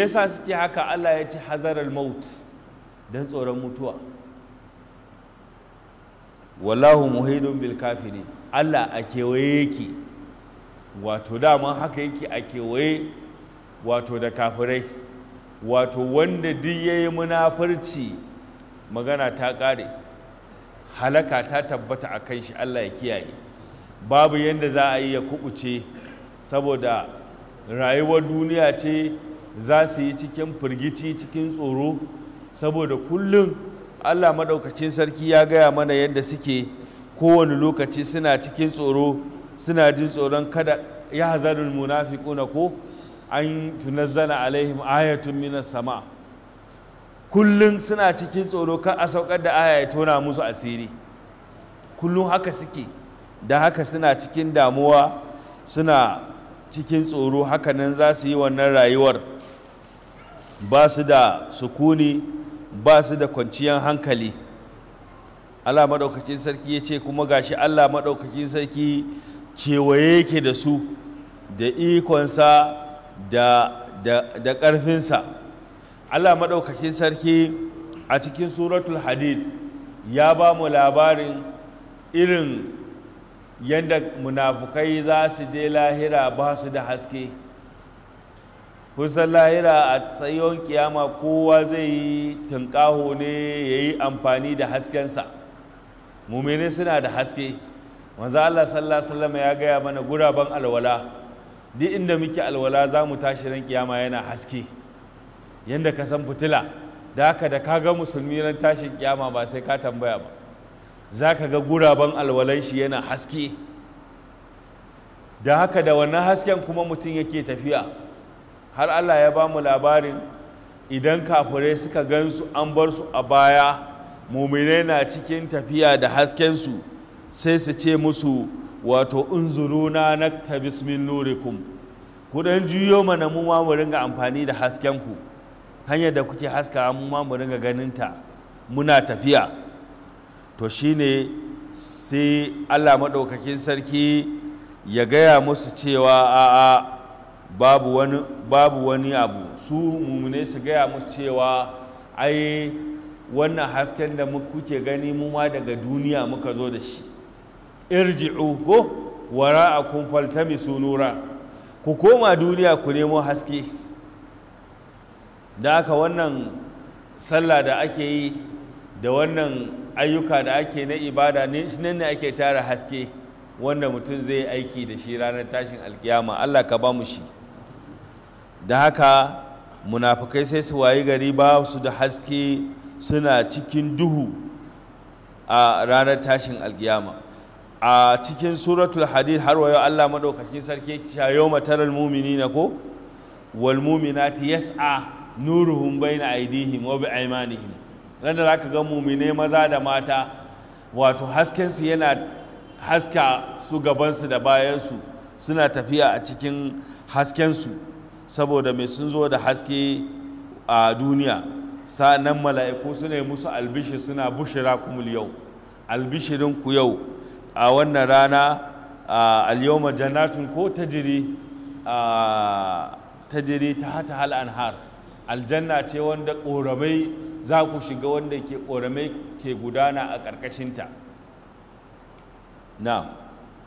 yasa suke haka Allah ya ci hazarar maut don tsoron mutuwa wallahu muhidun bil kafirin Allah a kewaye yake wato dama haka yake a kewaye wato da kafirai wato wanda duk ya yi munafurci magana ta ƙare halaka ta tabbata a kan shi Allah ya kiyaye babu yadda za a yi ya kubuce saboda rayuwar duniya ce za su yi cikin firgici cikin tsoro saboda kullum allah maɗaukacin sarki ya gaya mana yadda suke kowane lokaci suna cikin tsoro suna jin tsoron kada ya hazarul munafiquna ko an tunazzala alaihim ayatun minas sama kullum suna cikin tsoro kan a saukar da aya ya tona musu asiri kullum haka suke da haka suna cikin damuwa suna cikin tsoro hakanan za su yi wannan rayuwar ba su da sukuni ba su da kwanciyar hankali Allah maɗaukacin sarki ya ce kuma gashi Allah maɗaukacin sarki kewaye ke da su da ikonsa da ƙarfinsa Allah maɗaukacin sarki a cikin suratul hadid ya ba mu labarin irin yadda munafukai za su je lahira ba su da haske kusan lahira a tsayon kiyama kowa zai yi tunƙaho ne ya yi amfani da haskensa mumini suna da haske manzo Allah sallallahu alaihi ya gaya mana guraben alwala duk inda muke alwala za mu tashi ran kiyama yana haske yanda ka san fitila da haka da ka ga musulmi ran tashin kiyama ba sai ka tambaya ba za ka ga guraben alwalan shi yana haske da haka da wannan hasken kuma mutum yake tafiya har Allah ya ba mu labarin idan kafirai suka gansu an bar su a baya muminai na cikin tafiya da haskensu sai su ce musu wato unzuruna na min nurikum ku juyo mana mu ma mu ringa amfani da haskenku hanyar da kuke haska mu ma mu ringa ganinta muna tafiya to shine sai Allah maɗaukakin sarki ya gaya musu cewa a'a babu wani babu wani abu su mummune su gaya musu cewa ai wannan hasken da kuke gani mu daga duniya muka zo da shi irji'u ko wara'akum faltamisu nura ku koma duniya ku nemo haske da aka wannan sallah da ake yi da wannan ayyuka da ake na ibada ne nan ne ake tara haske wanda mutum zai aiki da shi ranar tashin alkiyama Allah ka ba mu shi da haka munafukai sai su wayi gari ba su da haske suna cikin duhu a ranar tashin alkiyama a cikin suratul hadid har wayo Allah madaukakin sarki yake cewa yawma taral mu'minina ko wal mu'minati yas'a nuruhum baina aydihim wa bi'aymanihim nan da zaka ga mu'mine maza da mata wato hasken su yana haska su gaban su da bayan su suna tafiya a cikin hasken su saboda mai sun zo da haske a duniya sa'annan mala'iku suna yi musu albishi suna bushira kuma yau albishirin ku yau a wannan rana alyoma jannatun ko tajiri tajiri ta hata hal anhar aljanna ce wanda ƙoramai za ku shiga wanda ke ƙoramai ke gudana a ƙarƙashinta na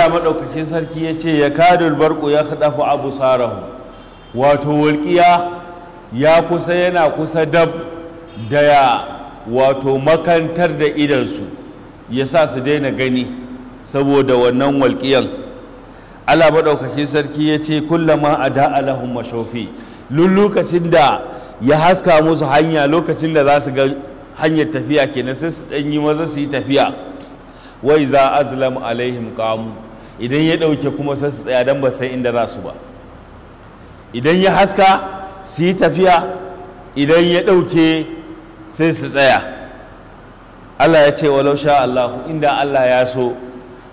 Allah maɗaukacin sarki ya ce ya kadul barku ya haɗafu abu sarahu wato walƙiya ya kusa yana kusa dab da ya wato makantar da idansu ya sa su daina gani saboda wannan walƙiyan Allah maɗaukacin sarki ya ce kullama a da'alahun mashofi lokacin da ya haska musu hanya lokacin da za su ga hanyar tafiya kenan sai su ɗanyi maza su yi tafiya wai za azlam alaihim kamu idan ya ɗauke kuma sai su tsaya don ba sai inda za su ba idan ya haska su yi tafiya idan ya ɗauke sai su tsaya Allah ya ce walau sha Allahu inda Allah ya so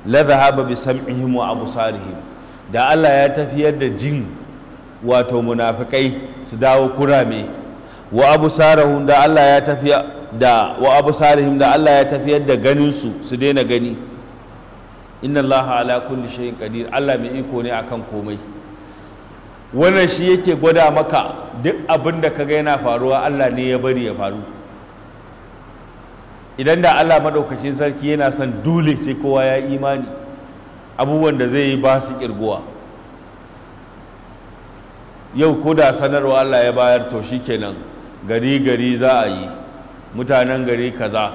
la zahaba bi sam'ihim wa absarihim da Allah ya tafiyar da jin wato munafikai su dawo kurame wa absarahum da Allah ya da Allah ya tafiyar da ganinsu su daina gani inna allah ala kulli shay'in qadir Allah mai iko ne akan komai wannan shi yake gwada maka duk abin da kaga yana faruwa Allah ne ya bari ya faru idan da Allah maɗaukacin sarki yana son dole sai kowa ya imani abubuwan da zai yi ba su kirguwa yau ko da sanarwa Allah ya bayar to kenan gari gari za a yi mutanen gari kaza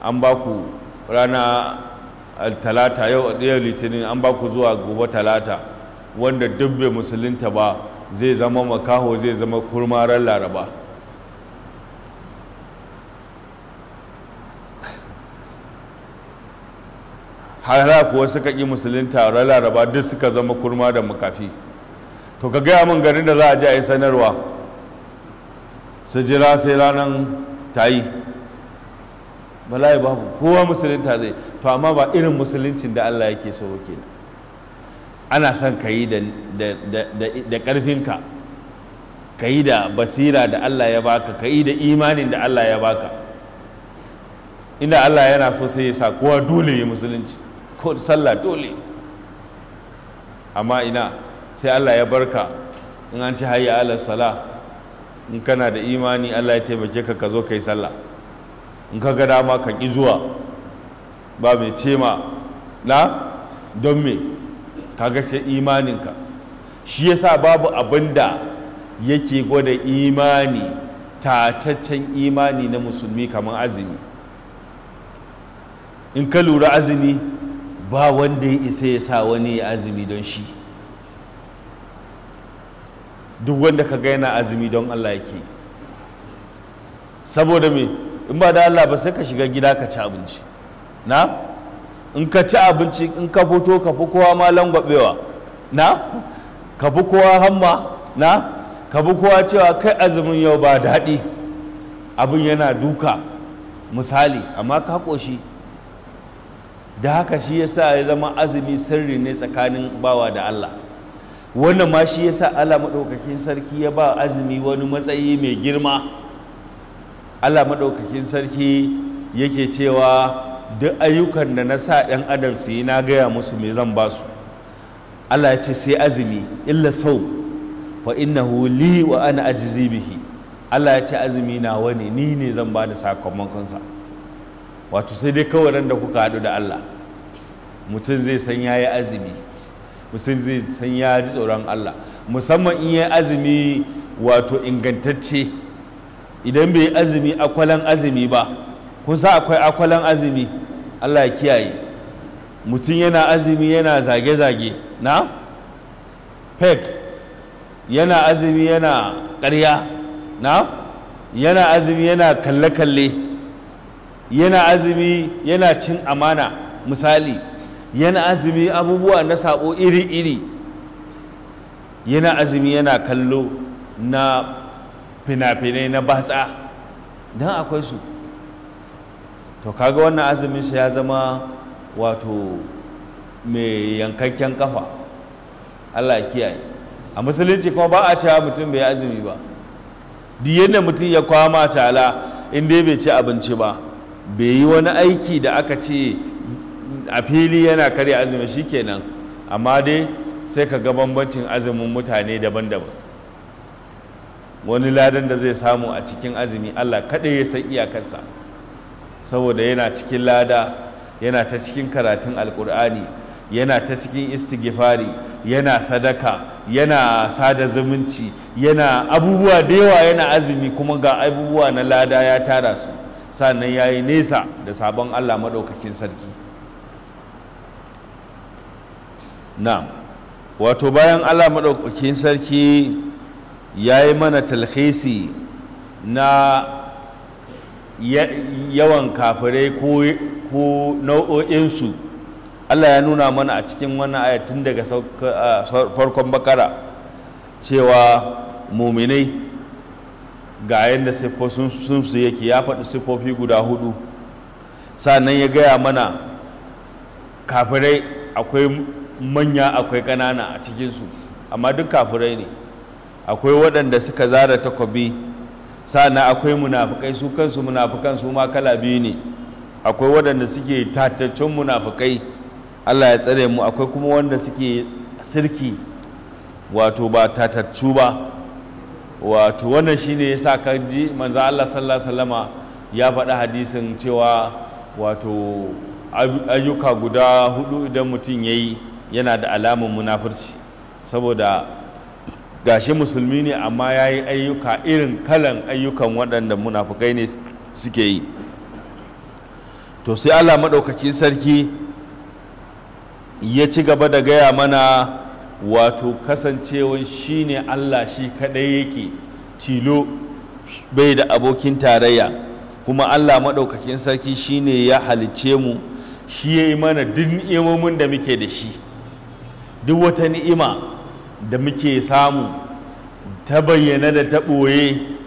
an ba ku rana talata yau a litinin an ba ku zuwa gobe talata wanda duk bai musulunta ba zai zama makaho zai zama kurmarar laraba har kuwa suka ƙi musulunta ran laraba duk suka zama kurma da makafi to ka gaya min garin da za a ji a yi sanarwa su jira sai ranar ta yi bala'i babu kowa musulunta zai to amma ba irin musuluncin da Allah yake so kenan ana son ka yi da ƙarfinka ka yi da basira da Allah ya baka ka yi da imanin da Allah ya baka inda Allah yana so sai ya sa kowa dole ya musulunci ko sallah dole amma ina sai Allah ya barka in an ci hayya ala sala in kana da imani Allah ya taimake ka ka zo ka yi sallah in ka ga dama ka ƙi zuwa ba mai ce ma na don me ka gashe imaninka shi ya sa babu abin da yake gwada imani tataccen imani na musulmi kamar azumi in ka lura azumi ba wanda ya isa ya sa wani ya azumi don shi duk wanda ka gaina yana azumi don Allah yake saboda me in ba da Allah ba sai ka shiga gida ka ci abinci na in ka ci abinci in ka fito ka fi kowa ma langwabewa na ka fi kowa hamma na ka fi kowa cewa kai azumin yau ba daɗi abin yana duka misali amma ka ƙoshi da haka shi ya sa ya zama azumi sirri ne tsakanin bawa da Allah wannan ma shi ya sa Allah maɗaukakin sarki ya ba azumi wani matsayi mai girma Allah maɗaukakin sarki yake cewa duk ayyukan da na sa ɗan adam su yi na gaya musu mai zan ba su Allah ya ce sai azumi illa sau fa inna li wa ana ajizi bihi Allah ya ce azumi na wani ni ne zan ba da sakamakonsa wato sai dai kawai nan da kuka haɗu da Allah mutum zai san yi azumi mutum zai san ya ji tsoron Allah musamman in yayi azumi wato ingantacce idan bai azumi akwalan azumi ba kun sa akwai akwalan azumi Allah ya kiyaye mutum yana azumi yana zage-zage na peg yana azumi yana ƙarya na yana azumi yana kalle-kalle yana azumi yana cin amana misali yana azumi abubuwa na sabo iri-iri yana azumi yana kallo na fina-finai na batsa don akwai su to kaga wannan azumin shi ya zama wato mai yankakken kafa Allah ya kiyaye a musulunci kuma ba a cewa mutum bai azumi ba duk yadda mutum ya kwama tala in dai bai ci abinci ba bai yi wani aiki da aka ce a fili yana karya azumi shikenan amma dai sai ka ga bambancin azumin mutane daban-daban wani ladan da zai samu a cikin azumi Allah kaɗai ya san iyakarsa saboda yana cikin lada yana ta cikin karatun alkur'ani yana ta cikin istighfari yana sadaka yana sada zumunci yana abubuwa da yawa yana azumi kuma ga abubuwa na lada ya tara su sannan ya yi nesa da sabon Allah maɗaukakin sarki na wato bayan Allah maɗaukakin sarki ya yi mana talhisi na yawan kafirai ko nau'o'insu Allah ya nuna mana a cikin wannan ayatun daga farkon bakara cewa muminai ga yadda siffofinsu yake ya faɗi siffofi guda hudu sannan ya gaya mana kafirai akwai manya akwai ƙanana a cikinsu amma duk kafirai ne akwai waɗanda suka zara takobi sana akwai munafukai su kansu munafukan su ma kala biyu ne akwai waɗanda suke tataccen munafukai Allah ya tsare mu akwai kuma wanda suke sirki wato ba tataccu ba wato wannan shine ya sa kanji manza Allah sallallahu alaihi ya faɗi hadisin cewa wato ayyuka guda hudu idan mutum ya yi yana da alamun munafurci saboda gashi musulmi ne amma ya yi ayyuka irin kalan ayyukan waɗanda munafukai ne suke yi to sai allah maɗaukakin sarki ya ci gaba da gaya mana wato kasancewan shi ne allah shi kaɗai yake tilo bai da abokin tarayya kuma allah maɗaukakin sarki shi ne ya halicce mu shi ya yi mana duk ni'imomin da muke da shi duk wata ni'ima da muke samu ta bayyana da ta ɓoye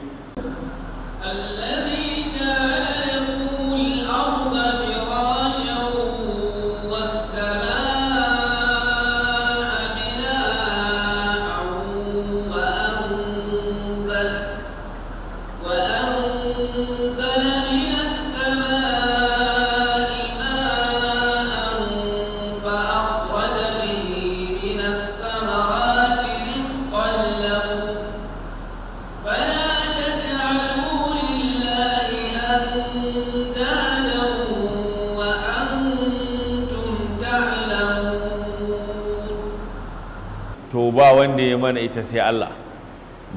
wanda ya mana ita sai Allah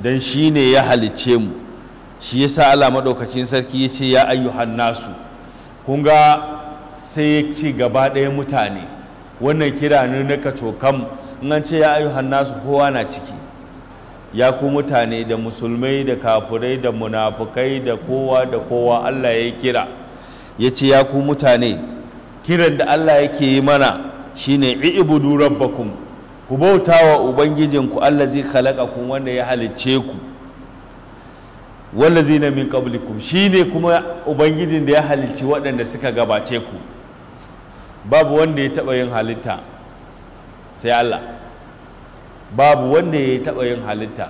don shi ne ya halice mu shi ya sa Allah maɗaukacin sarki ya ce ya ayyuhan nasu kun ga sai ya ci gaba ɗaya mutane wannan kira ne na kacokam in an ce ya ayyuhan nasu kowa na ciki ya ku mutane da musulmai da kafurai da munafukai da kowa da kowa Allah ya kira ya ce ya ku mutane kiran da Allah yake yi mana shine i'budu rabbakum ku bauta wa ubangijinku allazi kun wanda ya halicce ku wallazi na min qablikum shine kuma ubangijin da ya halicci waɗanda suka gabace ku babu wanda ya taɓa yin halitta sai Allah babu wanda ya taɓa yin halitta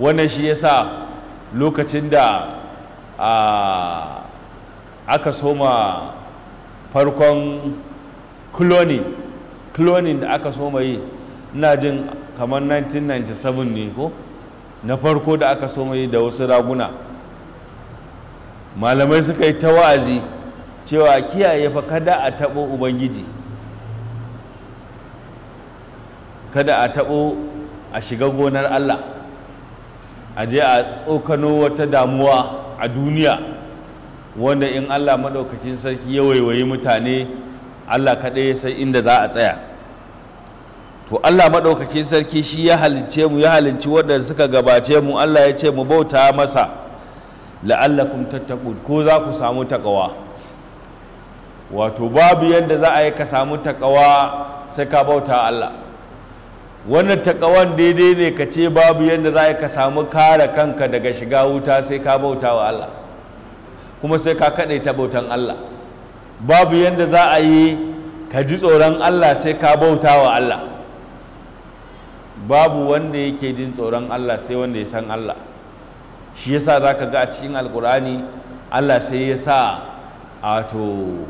wannan shi yasa lokacin da aka soma farkon colony cloning da aka soma yi ina jin kamar 1997 ne ko na farko da aka soma yi da wasu raguna malamai suka yi ta wa'azi cewa kiyaye fa kada a taɓo ubangiji kada a taɓo a shiga gonar allah a je a tsokano wata damuwa a duniya wanda in allah maɗaukacin sarki ya waiwayi mutane allah kaɗai sai inda za a tsaya to Allah maɗaukakin sarki shi ya halince mu ya halinci waɗanda suka gabace mu Allah ya ce mu bauta masa la'allakum tattaqun ko za ku samu takawa wato babu yadda za a yi ka samu takawa sai ka bauta Allah wannan takawan daidai ne ka ce babu yadda za a yi ka samu kare kanka daga shiga wuta sai ka bauta wa Allah kuma sai ka kaɗai ta bautan Allah babu yadda za a yi ka ji tsoron Allah sai ka bauta wa Allah babu wanda yake jin tsoron Allah sai wanda ya san Allah shi yasa za ka ga a cikin alkur'ani Allah sai ya sa a to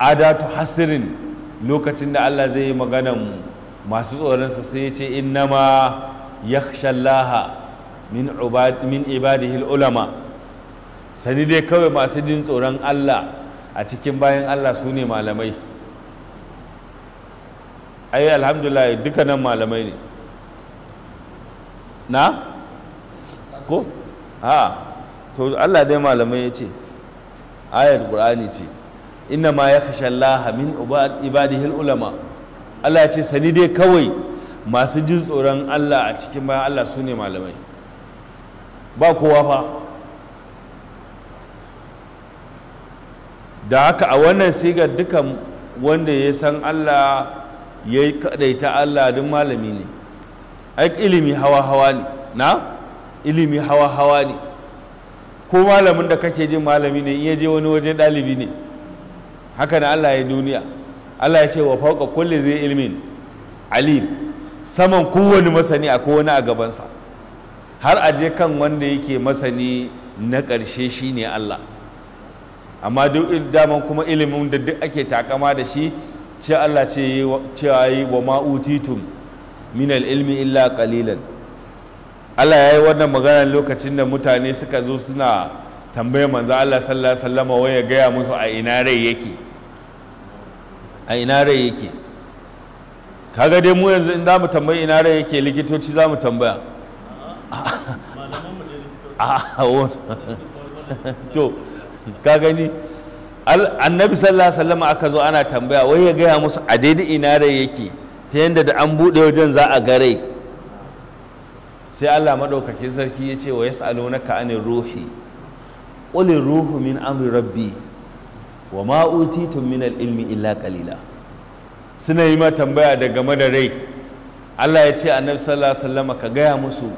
adatu hasirin lokacin da Allah zai yi maganan masu tsoronsa sai ya ce innama ya min min ibadihil ulama sani dai kawai masu jin tsoron Allah a cikin bayan Allah su ne malamai ai alhamdulillah dukkanin malamai ne na ko ha to Allah dai malamai ya ce ayar qur'ani ce inna ma yakhsha Allah min ibadihi ulama Allah ce sani dai kawai masu jin tsoron Allah a cikin bayan Allah su ne malamai ba kowa fa da haka a wannan sigar dukan wanda ya san Allah ya kadaita Allah duk malami ne aik ilimi hawa hawa ne na ilimi hawa hawa ne ko malamin da kake jin malami ne iya je wani wajen ɗalibi ne haka na Allah ya duniya Allah ya ce wa fauka kulli zai ilimin alim saman kowane masani a kowane a gabansa har a je kan wanda yake masani na ƙarshe ne Allah amma duk daman kuma ilimin da duk ake takama da shi ce Allah ce ya yi wa ma'utitum min ilmi illa qalilan Allah ya yi wannan magana lokacin da mutane suka zo suna tambaye manzo Allah sallallahu alaihi wasallam wai ya gaya musu a ina rai yake a ina rai yake kaga dai mu yanzu in za mu tambayi ina rai yake likitoci za mu tambaya ah, to ka gani annabi sallallahu alaihi wasallam aka zo ana tambaya wai ya gaya musu a daidai ina rai yake ta yadda da an buɗe wajen za a gare sai allah maɗaukaki sarki ya ce wa ya na ka'anin ruhi ƙulin ruhu min amri rabbi wa ma'uti tun min ilmi illa kalila. suna yi ma tambaya da game da rai allah ya ce annabi sallallahu alaihi wasallam ka gaya musu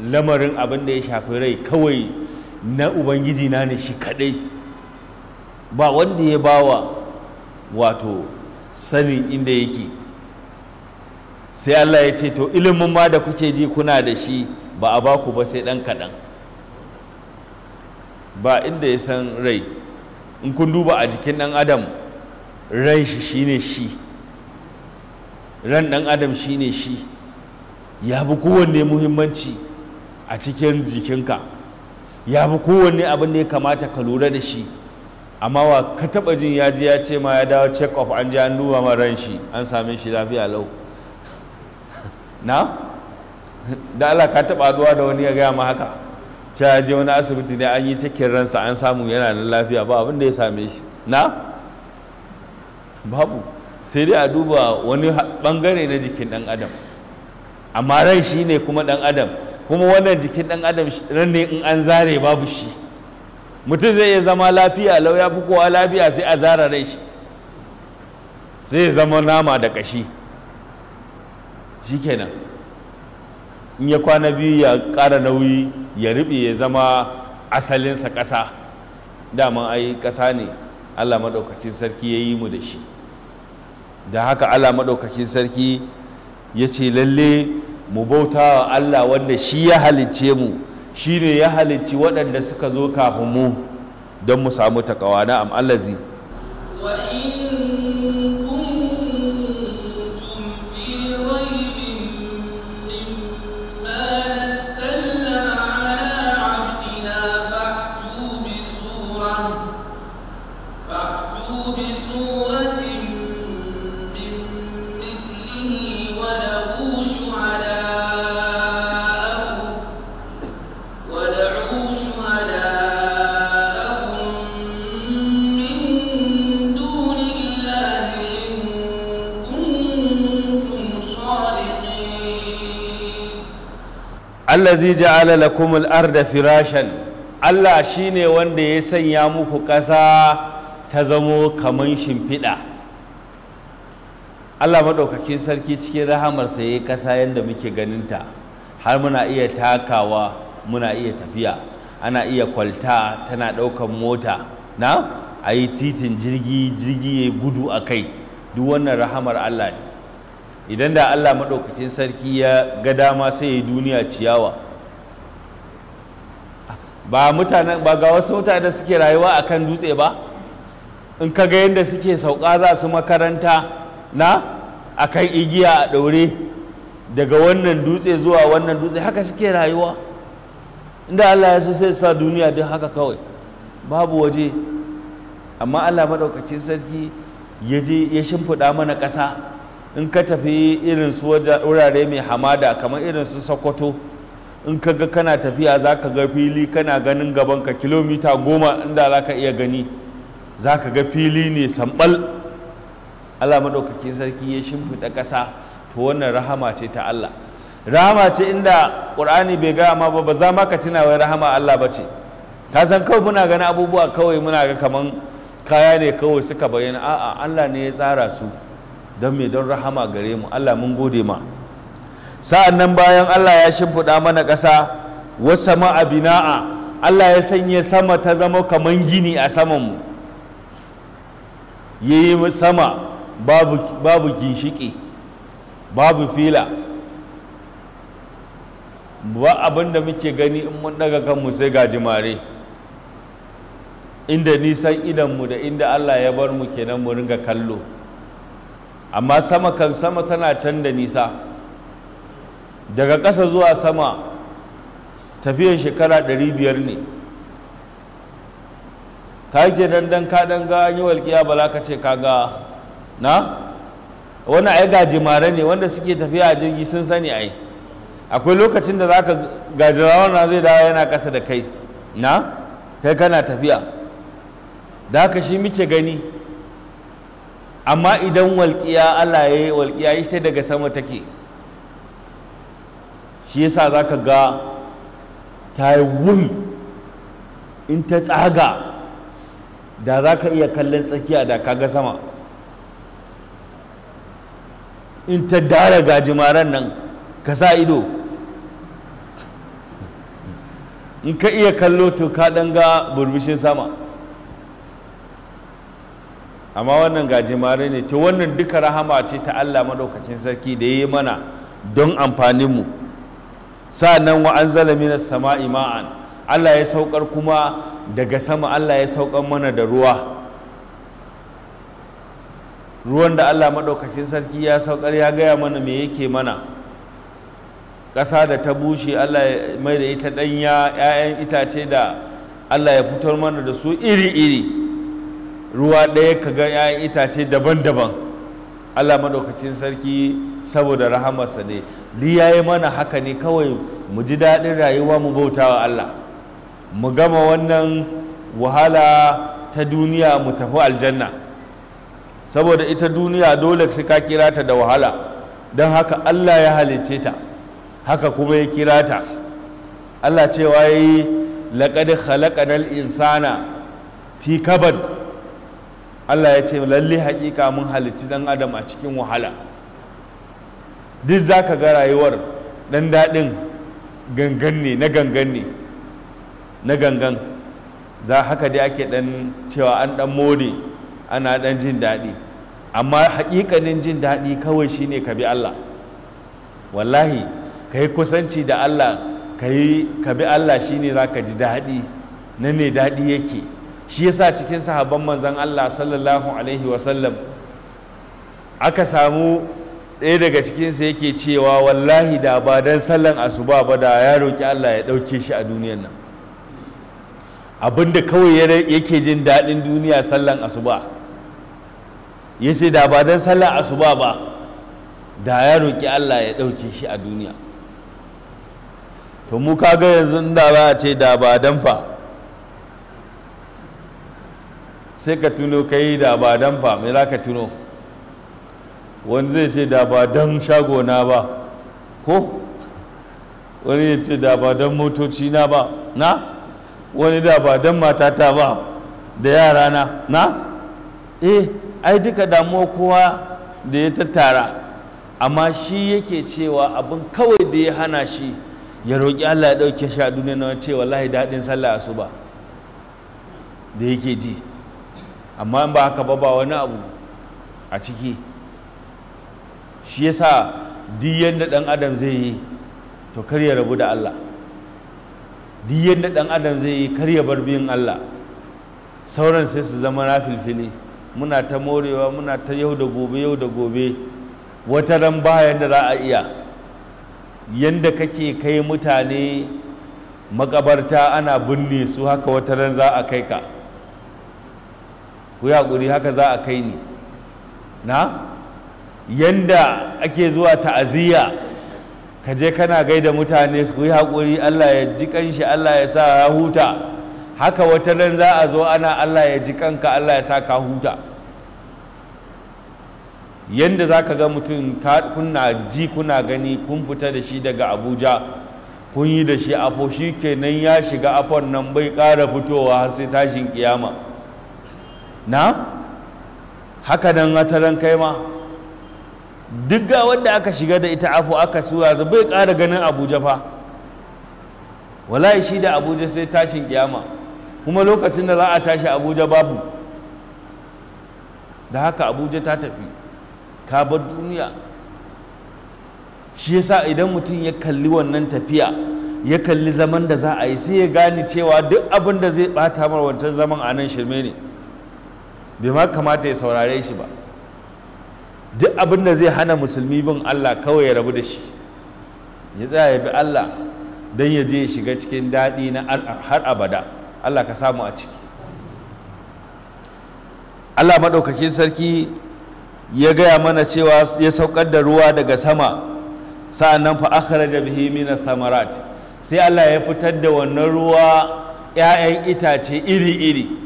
lamarin abin da ya shafi rai kawai na ubangiji na ne shi kaɗai ba wanda ya bawa wato sanin inda yake sai Allah ya ce to ilimin ma da kuke ji kuna da shi ba a baku ba sai ɗan kaɗan ba inda ya san rai in kun duba a jikin ɗan adam ran shi ne shi ran ɗan adam ne shi ya bi kowanne muhimmanci a cikin jikinka ya bi kowanne abin da ya kamata ka lura da shi amma wa ka taɓa jin ya ji ya ce ma ya dawo check up an ji an duba ma ran shi an same shi lafiya lau na da Allah ka taba aduwa da wani ya gaya ma haka cewa je wani asibiti ne an yi cikin ransa an samu yana nan lafiya ba abin da ya same shi na babu sai dai a duba wani bangare na jikin dan adam amma rai shi ne kuma dan adam kuma wannan jikin dan adam ran ne in an zare babu shi mutum zai iya zama lafiya lau ya fi lafiya sai a zara rai shi zai zama nama da kashi shikenan in ya kwana biyu ya ƙara nauyi ya riɓe ya zama asalinsa ƙasa daman ai ƙasa ne allah maɗaukacin sarki ya yi mu da shi da haka allah maɗaukacin sarki ya ce lalle mu bauta wa allah wanda shi ya halicce mu shi ne ya halicci waɗanda suka zo kafin mu don mu samu takawa na am'alazi allazi ja'ala lakum al-arda firashan Allah shine wanda ya sanya muku ƙasa ta zamo kaman shimfiɗa Allah maɗaukakin sarki cikin rahamarsa ya yi ƙasa yadda muke ganinta har muna iya takawa muna iya tafiya ana iya kwalta tana ɗaukan mota na a yi titin jirgi jirgi ya gudu a kai duk wannan rahamar Allah ne idan da Allah maɗaukacin sarki ya ga dama sai ya duniya ciyawa ba mutane ba ga wasu mutane suke rayuwa a kan dutse ba in ka ga yadda suke sauka za su makaranta na a kan igiya a ɗaure daga wannan dutse zuwa wannan dutse haka suke rayuwa inda Allah ya so sai sa duniya don haka kawai babu waje amma Allah maɗaukacin sarki ya je ya shimfiɗa mana ƙasa in ka tafi irin su wurare mai hamada kamar irin su sokoto in ka ga kana tafiya za ka ga fili kana ganin gaban ka kilomita goma inda za ka iya gani za ka ga fili ne sambal allah maɗaukakin sarki ya shimfiɗa kasa to wannan rahama ce ta allah rahama ce inda ƙur'ani bai gaya ma ba ba za ma ka tuna wai rahama allah ba ce ka san kawai muna ganin abubuwa kawai muna ga kaman kaya ne kawai suka bayyana a'a allah ne ya tsara su don me don rahama gare mu Allah mun gode ma sa'an nan bayan Allah ya shimfiɗa mana ƙasa wasa bina'a Allah ya sanya sama ta zama kamar gini a samanmu ya yi sama babu, ginshiƙi babu fila ba abin da muke gani in mun daga kanmu sai ga jimare inda nisan idanmu da inda Allah ya bar mu kenan mu ringa kallo amma sama kan sama tana can da nisa daga ƙasa zuwa sama tafiyar shekara 500 ne ka ke dandan ka danga an yi walƙiya bala ka ce ka ga na wani ai gajimare ne wanda suke tafiya a jirgi sun sani ai akwai lokacin da za ka rawar na zai dawo yana ƙasa da kai na kai kana tafiya da haka shi muke gani amma idan walƙiya Allah ya yi walƙiya ita daga sama take shi yasa za ka ga ta yi wul in ta tsaga da za ka iya kallon tsakiya da ka ga sama in ta dara gajimaren nan ka sa ido in ka iya kallo to ka ɗan ga burbushin sama amma wannan gajimare ne ta wannan duka rahama ce ta Allah madaukakin sarki da ya yi mana don amfaninmu sa'annan wa an zala na sama'i ma'an Allah ya saukar kuma daga sama Allah ya saukar mana da ruwa ruwan da Allah madaukakin sarki ya saukar ya gaya mana me yake mana ƙasa da ta bushe Allah ya mai da ita ɗanya 'ya'yan itace da Allah ya fitar mana da su iri-iri ruwa ɗaya ka ga 'ya'yan itace daban-daban Allah maɗaukacin sarki saboda rahamarsa ne ni ya yi mana haka ne kawai mu ji daɗin rayuwa mu bauta wa Allah mu gama wannan wahala ta duniya mu tafi aljanna saboda ita duniya dole sai ka kira ta da wahala don haka Allah ya halicce ta haka kuma ya kira ta Allah cewa ya yi laƙadin halakanar insana fi kabad Allah ya ce lalle haƙiƙa mun halicci dan adam a cikin wahala duk za ka ga rayuwar dan daɗin gangan ne na gangan ne na gangan za haka dai ake dan cewa an dan more ana dan jin daɗi amma haƙiƙanin jin daɗi kawai shine ka bi Allah wallahi ka yi kusanci da Allah ka bi Allah shine za ka ji daɗi na ne daɗi yake shi yasa cikin sahabban manzan Allah sallallahu alaihi wasallam aka samu ɗaya daga cikinsa yake cewa wallahi da ba don sallan asuba ba da ya roƙi Allah ya ɗauke shi a duniyan nan abinda kawai yake jin daɗin duniya sallan asuba ya ce da ba don sallan asuba ba da ya roƙi Allah ya ɗauke shi a duniya to mu kaga yanzu da ba a ce da ba don fa sai ka tuno ka yi da ba dan fa mai ka tuno wani zai ce da ba dan shagona ba ko wani ya ce da ba dan motoci na ba na wani da ba dan matata ba da yara na na eh ai duka damuwa kowa da ya tattara amma shi yake cewa abin kawai da ya hana shi ya roƙi Allah ya ɗauke shi a duniya na cewa lahi daɗin sallah ba da yake ji amma ba haka ba ba wani abu a ciki shi yasa duk yadda ɗan adam zai yi to kar ya rabu da Allah duk yadda ɗan adam zai yi kar ya bar biyun Allah sauran sai su zama na filfili muna ta morewa muna ta yau da gobe yau da gobe wata ran ba yadda za a iya yadda kake kai mutane makabarta ana binne su haka wata ran za a kai ka ku yi haƙuri haka za a kai ni na yanda ake zuwa ta'aziyya ka je kana gaida mutane ku yi haƙuri Allah ya ji kanshi Allah ya sa ya huta haka wata nan za a zo ana Allah ya ji kanka Allah ya sa ka huta yanda za ka ga mutum kuna ji kuna gani kun fita da shi daga abuja kun yi da shi afo shi kenan ya shiga afon nan bai ƙara fitowa har sai tashin kiyama na haka nan wataran kai ma duk ga wanda aka shiga da ita afu aka sura da bai kara ganin abuja fa wallahi shi da abuja sai tashin kiyama kuma lokacin da za a tashi abuja babu da haka abuja ta tafi ka bar duniya shi yasa idan mutum ya kalli wannan tafiya ya kalli zaman da za a yi sai ya gane cewa duk abin da zai bata mar wancan zaman a nan shirme ne bai ma kamata ya saurare shi ba duk abin da zai hana musulmi bin Allah kawai ya rabu da shi ya tsaya ya bi Allah don ya je shiga cikin daɗi na har abada Allah ka samu a ciki Allah maɗaukakin sarki ya gaya mana cewa ya saukar da ruwa daga sama sa'an nan fa akhraja bihi min sai Allah ya fitar da wannan ruwa ‘ya'yan itace iri-iri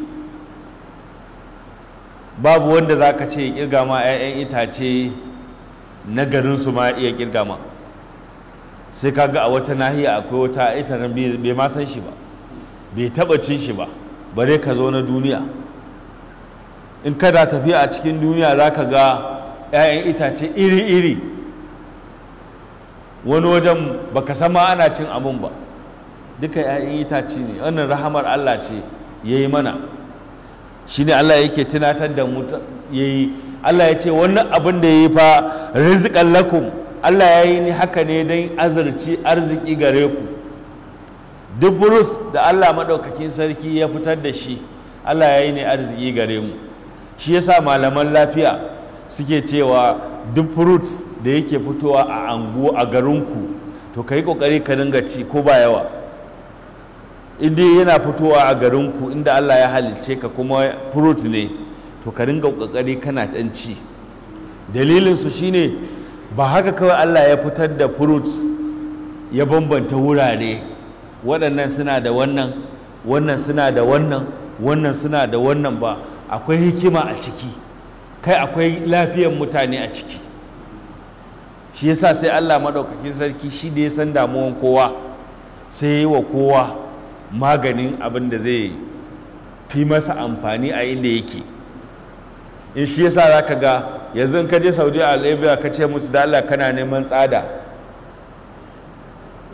babu wanda za ka ce kirga ma 'ya'yan itace na garin su ma iya kirga ma sai ka ga a wata nahiya akwai wata ita na bai ma san shi ba bai taba cin shi ba bare ka zo na duniya in kada tafiya a cikin duniya za ka ga 'ya'yan itace iri-iri wani wajen baka sama ana cin abun ba duka 'ya'yan itace ne wannan rahamar allah ce ya yi mana shine Allah yake tunatar da mu yayi Allah ya ce wannan abin da yayi fa rizikan lakum Allah ya yi ni haka ne don azurci arziki gare ku duk burus da Allah maɗaukakin sarki ya fitar da shi Allah ya yi ne arziki gare mu shi yasa malaman lafiya suke cewa duk fruits da yake fitowa a angu a garinku to ka yi ƙoƙari ka dinga ci ko ba yawa inda yana fitowa a garinku inda Allah ya halicce ka kuma fruit ne to ka ringa kokari kana dan ci dalilin shine ba haka kawai Allah ya fitar da furut ya bambanta wurare waɗannan suna da wannan wannan suna da wannan wannan suna da wannan ba akwai hikima a ciki kai akwai lafiyar mutane a ciki shi yasa sai Allah maɗaukakin sarki shi da ya san damuwan kowa sai yi wa kowa maganin abin da zai fi masa amfani a inda yake in shi yasa za ka ga yanzu ka je saudi arabia ka ce musu da allah kana neman tsada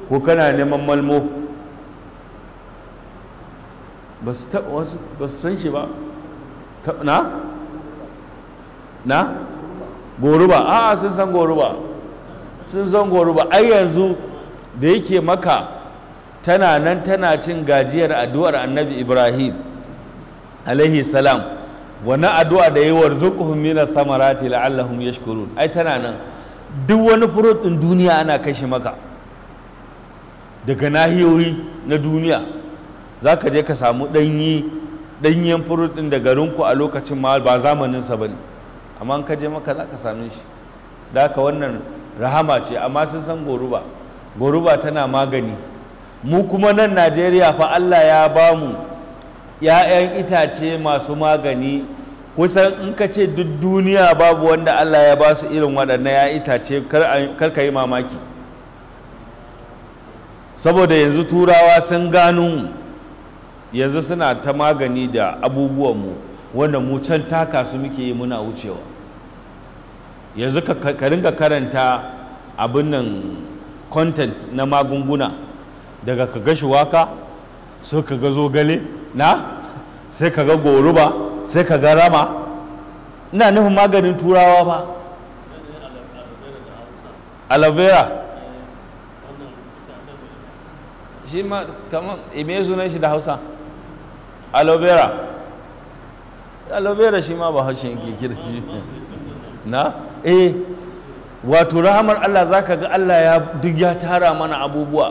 ko kana neman malmo ba su san shi ba na? na? goruba a sun san goruba sun san goruba ai yanzu da yake maka tana nan tana cin gajiyar addu'ar annabi ibrahim alaihi salam wani addu'a da yawar zukuhun mina samarati la'allahum yashkurun ai tana nan duk wani furut ɗin duniya ana kai shi maka daga nahiyoyi na duniya za ka je ka samu ɗanyi ɗanyen furut ɗin da garinku a lokacin ma ba zamaninsa ba ne amma ka je maka za ka same shi da ka wannan rahama ce amma sun san goruba goruba tana magani mu kuma nan najeriya fa allah ya ba mu 'ya'yan itace masu magani kusan in ka ce duk duniya babu wanda allah ya ba su irin waɗannan 'ya'yan itace kar ka yi mamaki saboda yanzu turawa sun gano yanzu suna ta magani da abubuwanmu wanda mu can taka su muke yi muna wucewa yanzu ka ringa karanta abin nan content na magunguna daga ka ga shuwaka sai ka ga zogale na sai ka ga goruba sai ka ga rama ina nufin maganin turawa ba aloe shi ma kamar ime sunan shi da hausa aloe vera shi ma ba haushe yake kira shi na eh wato rahamar Allah zaka ga Allah ya duk ya tara mana abubuwa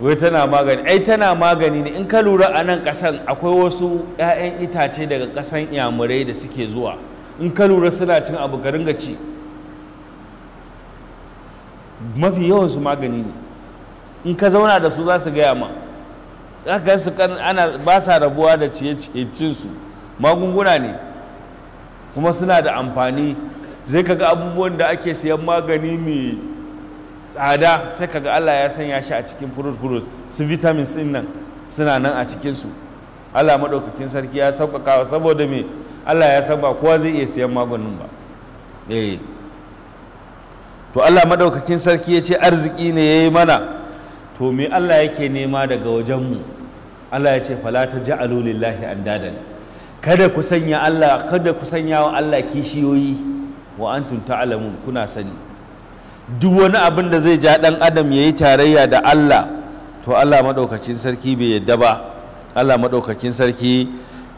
wai tana magani ai tana magani ne in ka lura a nan ƙasan akwai wasu 'ya'yan itace daga ƙasan yamurai da suke zuwa in ka lura suna cin abu ka ringa ci mafi yawansu magani ne in ka zauna da su za su gaya ma za ka su kan ana ba sa rabuwa da ciye cinsu magunguna ne kuma suna da amfani zai kaga abubuwan da ake siyan magani mai tsada sai kaga Allah ya sanya shi a cikin furut furut su vitamins din nan suna nan a cikin su Allah madaukakin sarki ya sauƙaƙa saboda me Allah ya san ba kowa zai iya siyan magunin ba eh to Allah madaukakin sarki ya ce arziki ne yayi mana to me Allah yake nema daga wajen mu Allah ya ce fala taj'alu lillahi andadan kada ku sanya Allah kada ku sanya wa Allah kishiyoyi wa antum ta'lamun kuna sani duk wani abin da zai ja ɗan adam ya yi tarayya da Allah to Allah maɗaukakin sarki bai yadda ba Allah maɗaukakin sarki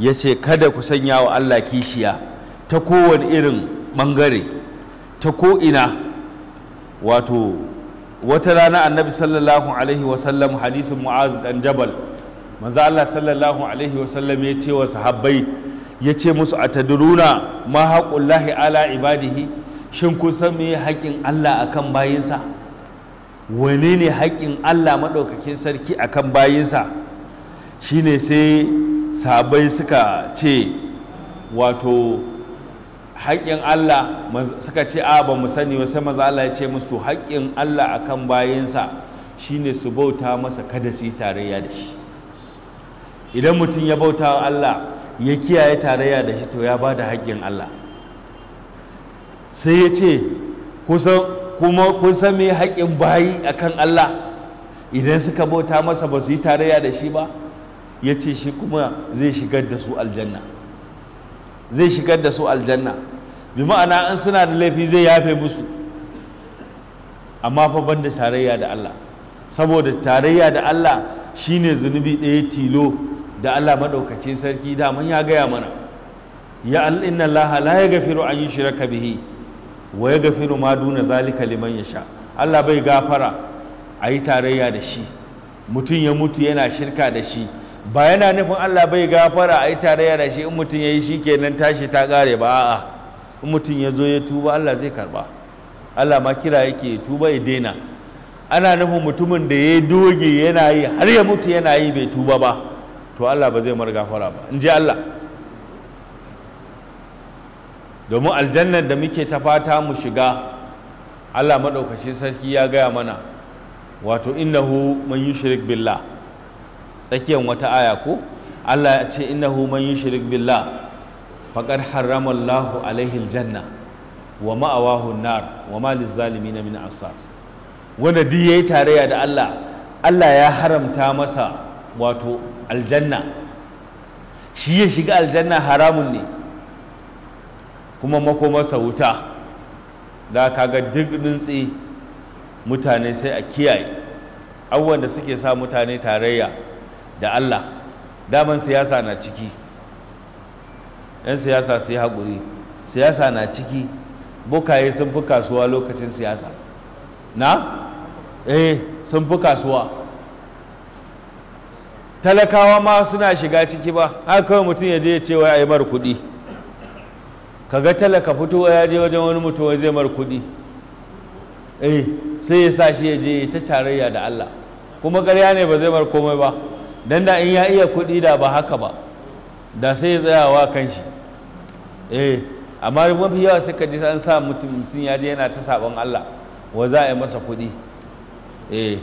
ya ce kada ku sanya wa Allah kishiya ta kowane irin ɓangare ta ko'ina wato wata rana annabi sallallahu alaihi wasallam hadisin mu'az dan jabal maza Allah sallallahu alaihi wasallam ya ce wa sahabbai ya ce musu atadruna ma haqullahi ala ibadihi shin kun san me haƙƙin Allah akan bayinsa wane ne haƙƙin Allah maɗaukakin sarki akan bayinsa shine sai sabai suka ce wato haƙƙin Allah suka ce a ba mu sani ba sai maza Allah ya ce musu haƙƙin Allah akan bayinsa shine su bauta masa kada su yi tarayya da shi idan mutum ya bauta Allah ya kiyaye tarayya da shi to ya bada da haƙƙin Allah sai ya ce kuma kun san me bayi akan Allah idan suka bauta masa ba su yi tarayya da shi ba ya ce shi kuma zai shigar da su aljanna zai shigar da su aljanna bi ma'ana an suna da laifi zai yafe musu amma fa banda tarayya da Allah saboda tarayya da Allah shine zunubi ɗaya tilo da Allah maɗaukacin sarki daman ya gaya mana ya inna Allah la yaghfiru an yi shirar bihi wa ya gafiru ma duna zalika liman sha. Allah bai gafara a yi tarayya da shi mutum ya mutu yana shirka da shi ba yana nufin Allah bai gafara a yi tarayya da shi in mutum ya yi shi kenan tashi ta kare ba a'a in mutum ya zo ya tuba Allah zai karba Allah ma kira yake ya tuba ya daina ana nufin mutumin da ya doge yana yi har ya mutu yana yi bai tuba ba to Allah ba zai mar gafara ba in ji Allah domin aljannar da muke ta fata mu shiga Allah maɗaukacin sarki ya gaya mana wato innahu man yushrik billah tsakiyar wata aya ko Allah ya ce innahu man yushrik billah faqad harrama Allahu alaihi aljanna wa ma'awahu nar wa ma na min asar wanda duk yayi tarayya da Allah Allah ya haramta masa wato aljanna shi ya shiga aljanna haramun ne kuma makomarsa wuta da kaga duk nutsi mutane sai a kiyaye abubuwan da suke sa mutane tarayya da Allah daman siyasa na ciki 'yan siyasa su yi haƙuri siyasa na ciki bukaye sun fi kasuwa lokacin siyasa na eh sun fi kasuwa talakawa ma suna shiga ciki ba haka kawai mutum ya je ya ce wai a yi mara kuɗi kaga talaka fitowa ya je wajen wani mutum zai mar kuɗi eh sai ya sa shi ya je ta tarayya da Allah kuma ƙarya ne ba zai mar komai ba dan da in ya iya kuɗi da ba haka ba da sai ya tsayawa kan shi eh amma mafi yawa sai ka ji an sa mutum sun ya je yana ta saɓon Allah wa za a yi masa kuɗi eh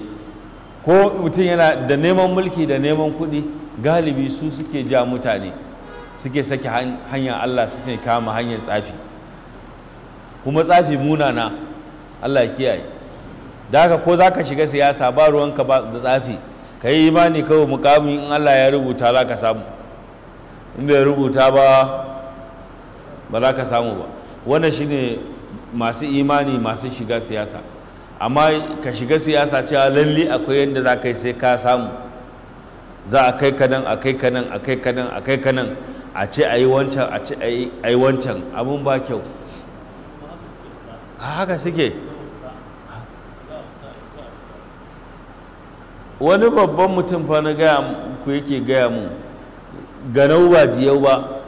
ko mutum yana da neman mulki da neman kuɗi galibi su suke ja mutane suke sake hanyar Allah suke kama hanyar tsafi kuma tsafi munana Allah ya kiyaye da haka ko zaka shiga siyasa ba ruwanka ba da tsafi ka yi imani kawai mukamin in Allah ya rubuta za ka samu in bai rubuta ba ba za ka samu ba wannan shine masu imani masu shiga siyasa amma ka shiga siyasa cewa lalle akwai yadda za ka yi sai ka samu za a kai ka nan a kai ka nan a kai ka nan a kai ka nan a ce a yi wancan a ce a yi wancan abun ba kyau haka suke wani babban mutum fa na gaya ku yake gaya mu ganau ba jiyau ba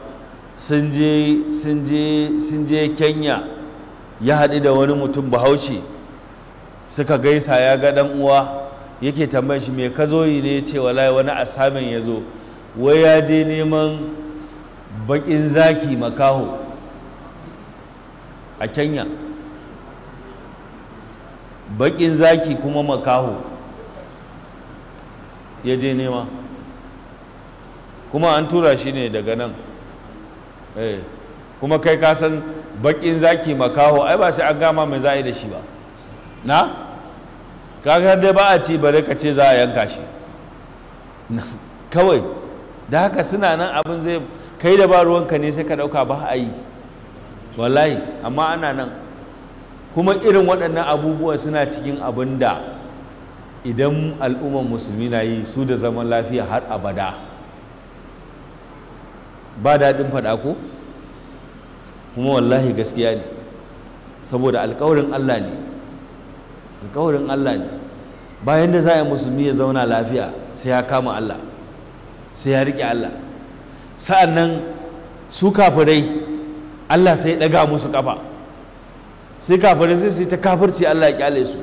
sun je kenya ya haɗu da wani mutum bahaushe suka gaisa ya ga ɗan uwa yake tambayar shi me ka zo yi ne ce wallahi wani asamin ya zo wai ya je neman bakin zaki makaho a kenya bakin zaki kuma makaho ya je nema kuma an tura shi ne daga nan eh, kuma kai ka san zaki makaho ai ba sai an gama mai za a yi da shi ba na kakar dai ba a ci bare ka ce za a yanka shi kawai da haka suna nan abin zai kai da ba ruwanka ne sai ka ɗauka ba a yi wallahi amma ana nan kuma irin waɗannan abubuwa suna cikin abin da idan al'ummar musulmi na yi su da zaman lafiya har abada ba daɗin faɗa ko kuma wallahi gaskiya ne saboda alkawarin Allah ne alkawarin Allah ne bayan da za a yi musulmi ya zauna lafiya sai ya kama Allah sai ya riƙe Allah sa'an nan su kafirai Allah sai ɗaga musu ƙafa sai kafirai sai su ta kafirci Allah ya kyale su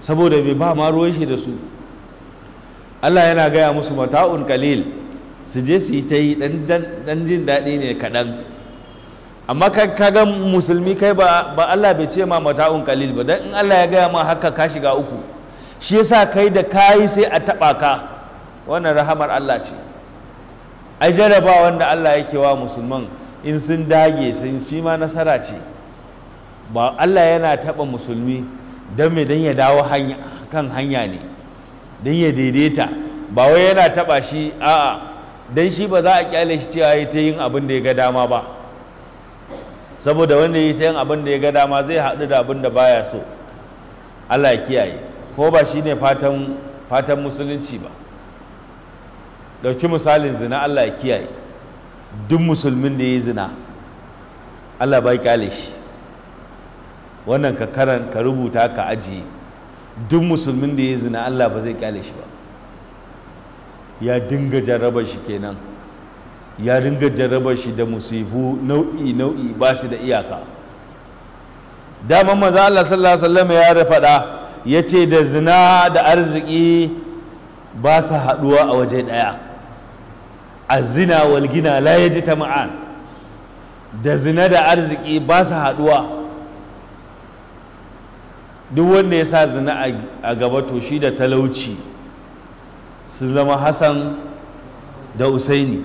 saboda bai ba ma ruwan shi da su Allah yana gaya musu mata'un kalil su je su yi ta yi ɗan jin daɗi ne kaɗan amma ga musulmi kai ba Allah bai ce ma mata'un kalil ba don in Allah ya gaya ma haka ka shiga uku shi yasa kai da kayi sai a taɓa ka wannan rahamar Allah ce ai jaraba wanda Allah yake wa musulman in sun dage sun shi ma nasara ce ba Allah yana taba musulmi don me don ya dawo kan hanya ne don ya daidaita ba wai yana taɓa shi a'a don shi ba za a kyale shi cewa ya ta yin abin da ya ga dama ba saboda wanda ya ta yin abin da ya ga dama zai haɗu da abin da baya so Allah ya kiyaye ko ba shi ne fatan musulunci ba ɗauki misalin zina Allah ya kiyaye duk musulmin da ya zina Allah bai kale shi wannan ka karan ka rubuta ka ajiye duk musulmin da ya zina Allah ba zai kale shi ba ya dinga jarraba shi kenan ya dinga jarraba shi da musibu nau'i nau'i ba shi da iyaka daman maza Allah sallallahu alaihi wasallam ya rafada ya ce da zina da arziki ba su haɗuwa a waje ɗaya azina wal gina la tama'an da zina da arziki ba su haduwa duk wanda ya sa zina a gaba to shi da talauci sun zama Hassan da Usaini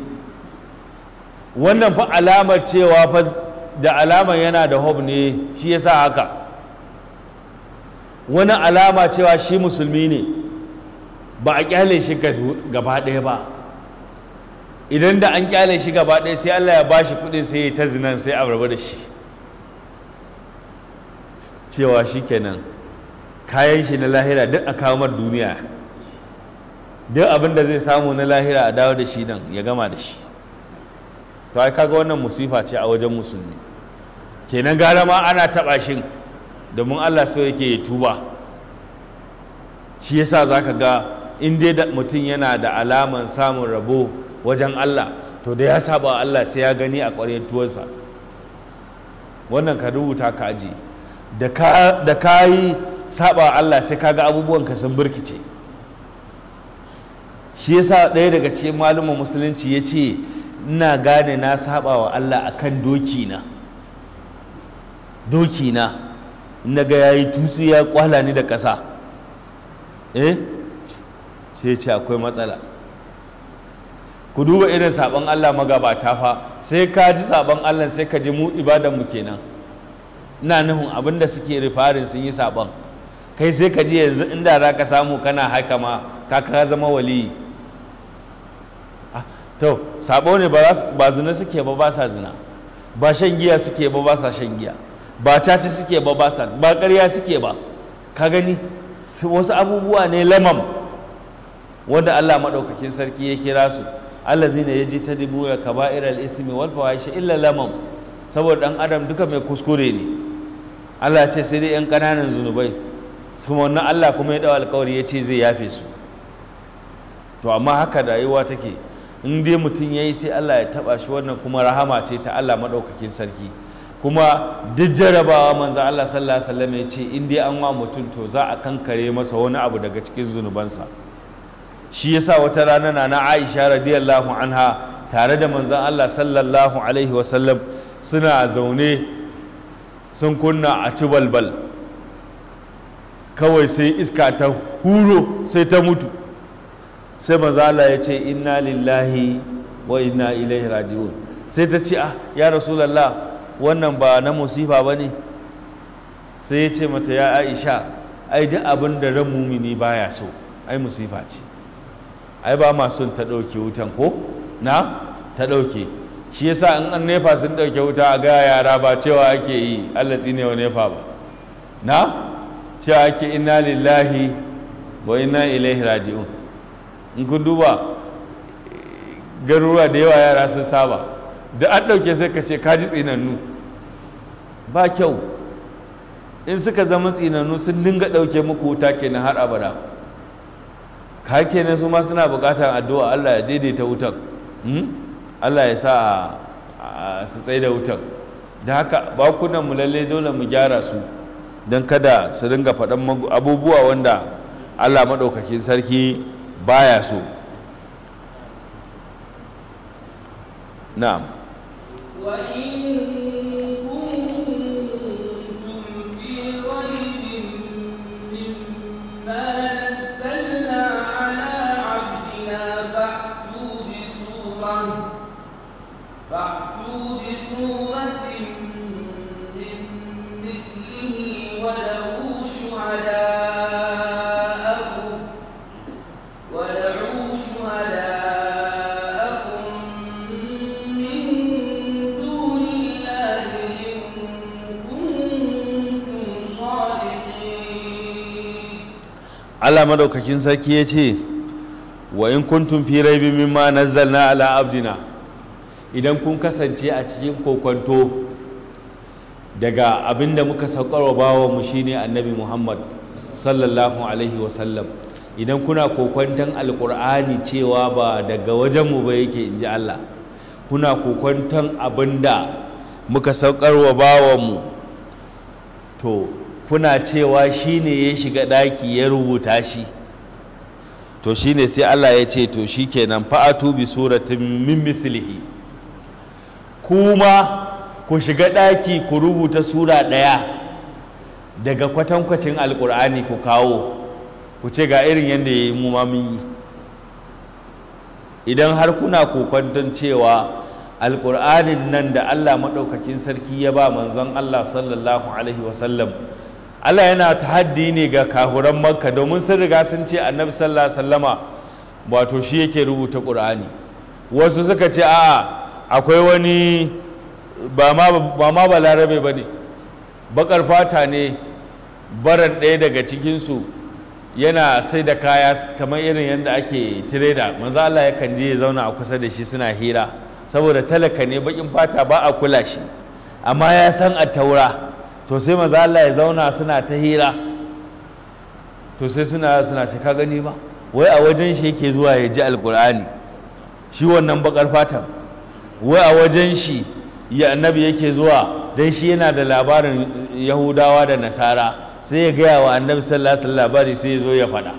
wannan fa alamar cewa fa da alamar yana da hob ne shi ya sa haka wani alama cewa shi musulmi ne ba a kyale shi gaba ɗaya ba idan da an kyale shi gaba ɗaya sai Allah ya bashi kuɗin sai ya ta zinan sai a rabu da shi cewa shi kenan kayan shi na lahira duk a kawo duniya duk abin da zai samu na lahira a dawo da shi nan ya gama da shi to ai kaga wannan musifa ce a wajen musulmi kenan gara ma ana taɓa shi domin Allah so yake ya tuba shi yasa zaka ga in dai mutum yana da alaman samun rabo wajen Allah to da ya saba Allah sai ya gani a ƙwarentuwarsa wannan ka rubuta ka aji da ka yi saba Allah sai ka ga abubuwan ka sun birkice shi yasa ɗaya daga cikin malumin musulunci ya ce ina gane na saba wa Allah akan dokina dokina na ga ya yi tutsu ya kwala ni da ƙasa eh sai ce akwai matsala ku duba irin saban Allah magabata fa sai ka ji saban Allah sai ka ji mu ibadan mu kenan ina nufin abin da suke rifarin sun yi saban kai sai ka ji yanzu inda za ka samu kana haka ma ka ka zama wali. to sabo ne ba zina suke ba ba sa zina ba shan giya suke ba ba sa shan giya ba caci suke ba ba sa ba ƙarya suke ba ka gani wasu abubuwa ne lamam wanda Allah maɗaukakin sarki ya kira su ta ya yajtanibuna kaba'iral ismi wa shi illa lamam saboda dan adam duka mai kuskure ne Allah ce sai dai yan kananan zunubai su wannan Allah kuma ya dawo alƙawari ya ce zai yafe su to amma haka rayuwa take in dai mutum ya yi sai Allah ya taba shi wannan kuma rahama ce ta Allah maɗaukakin sarki kuma duk jarabawa manzan Allah sallallahu alaihi wasallam ya ce in dai an wa mutum to za a kankare masa wani abu daga cikin zunubansa shi yasa wata rana na na Aisha radiyallahu anha tare da manzan Allah sallallahu alaihi wasallam suna zaune sun kunna a ci balbal kawai sai iska ta huro sai ta mutu sai manzon Allah ya ce inna lillahi wa inna ilaihi raji'un sai ta ce ah ya rasulullah wannan ba na musifa ba ne. sai ya ce mata ya Aisha ai duk abin da ran mumini baya so ai musifa ce ai ba ma son ta ɗauke wutan ko na ta ɗauke shi yasa in an nefa sun ɗauke wuta a gaya yara ba cewa ake yi allah tsine wa nefa ba na cewa ake inna lillahi wa inna ilaihi raji'un in kun duba garuruwa da yawa yara sun saba da an ɗauke sai ka ce ka ji tsinannu ba kyau in suka zama tsinannu sun dinga ɗauke muku wuta kenan har abada ka kenan su ma suna bukatar addu'a Allah ya daidaita wutan hmm? Allah ya sa su tsaye da wutan da haka bakunan mu lalle dole mu gyara su don kada su ringa faɗan abubuwa wanda Allah maɗaukakin sarki baya so na'am Allah madaukakin sarki ya ce wa in kuntum fi raibi mimma nazzalna ala abdina idan kun kasance a cikin kokwanto daga abin da muka saukarwa bawa mu shine annabi Muhammad sallallahu alaihi wasallam idan kuna kokwanton alkur'ani cewa ba daga wajen mu ba yake in ji Allah kuna kokwanton abin da muka saukarwa bawanmu to kuna cewa shi ne ya shiga ɗaki ya rubuta shi to shi ne sai Allah ya ce to shi kenan fa'atu bi suratun min mislihi kuma ku shiga ɗaki ku rubuta sura ɗaya daga kwatankwacin alkur'ani ku kawo ku ce ga irin yadda ya yi mu yi idan har kuna kokwanton cewa alkur'anin nan da Allah maɗaukakin sarki ya ba manzon Allah sallallahu alaihi wasallam Allah yana ta haddi ne ga kahuran makka domin sun riga sun ce annabi sallallahu alaihi wasallama wato shi yake rubuta qur'ani wasu suka ce a'a akwai wani ba ma ba ma balarabe bane bakar fata ne baran ɗaya daga cikin su yana sai da kaya kamar irin yadda ake tireda manzo Allah yakan je ya zauna a kusa da shi suna hira saboda talaka ne bakin fata ba a kula shi amma ya san a taura to sai maza Allah ya zauna suna ta hira to sai suna suna shi ka gani ba wai a wajen shi yake zuwa ya ji alkur'ani shi wannan bakar fatan wai a wajen shi ya annabi yake zuwa dan shi yana da labarin yahudawa da nasara sai ya gaya wa annabi sallallahu alaihi labari sai ya zo ya faɗa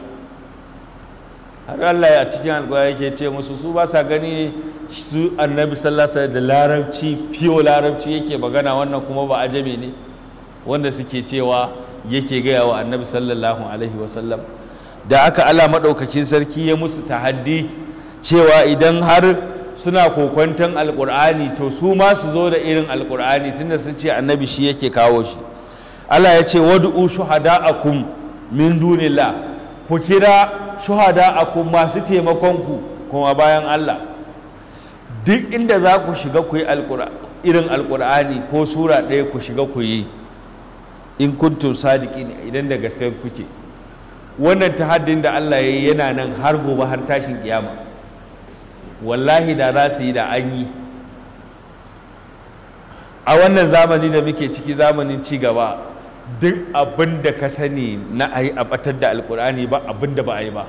har Allah ya cikin alkur'ani yake ce musu su ba sa gani su annabi sallallahu alaihi da larabci fiyo larabci yake magana wannan kuma ba ajami ne wanda suke cewa yake gaya wa annabi sallallahu alaihi wasallam da aka ala maɗaukakin sarki ya musu tahaddi cewa idan har suna kokwanton alƙur'ani to su ma su zo da irin alƙur'ani tunda sun ce annabi shi yake kawo shi Allah ya ce wad'u shuhada'akum min dunila ku kira kun masu taimakon ku kuma bayan Allah duk inda za ku shiga ku yi irin alƙur'ani ko sura ɗaya ku shiga ku yi in kuntum sadiqin idan da gaske kuke wannan ta haddin da Allah ya yi yana nan har gobe har tashin kiyama wallahi da za su yi da an yi a wannan zamani da muke ciki zamanin ci gaba duk abin da ka sani na a yi a batar da alkur'ani ba abin da ba a yi ba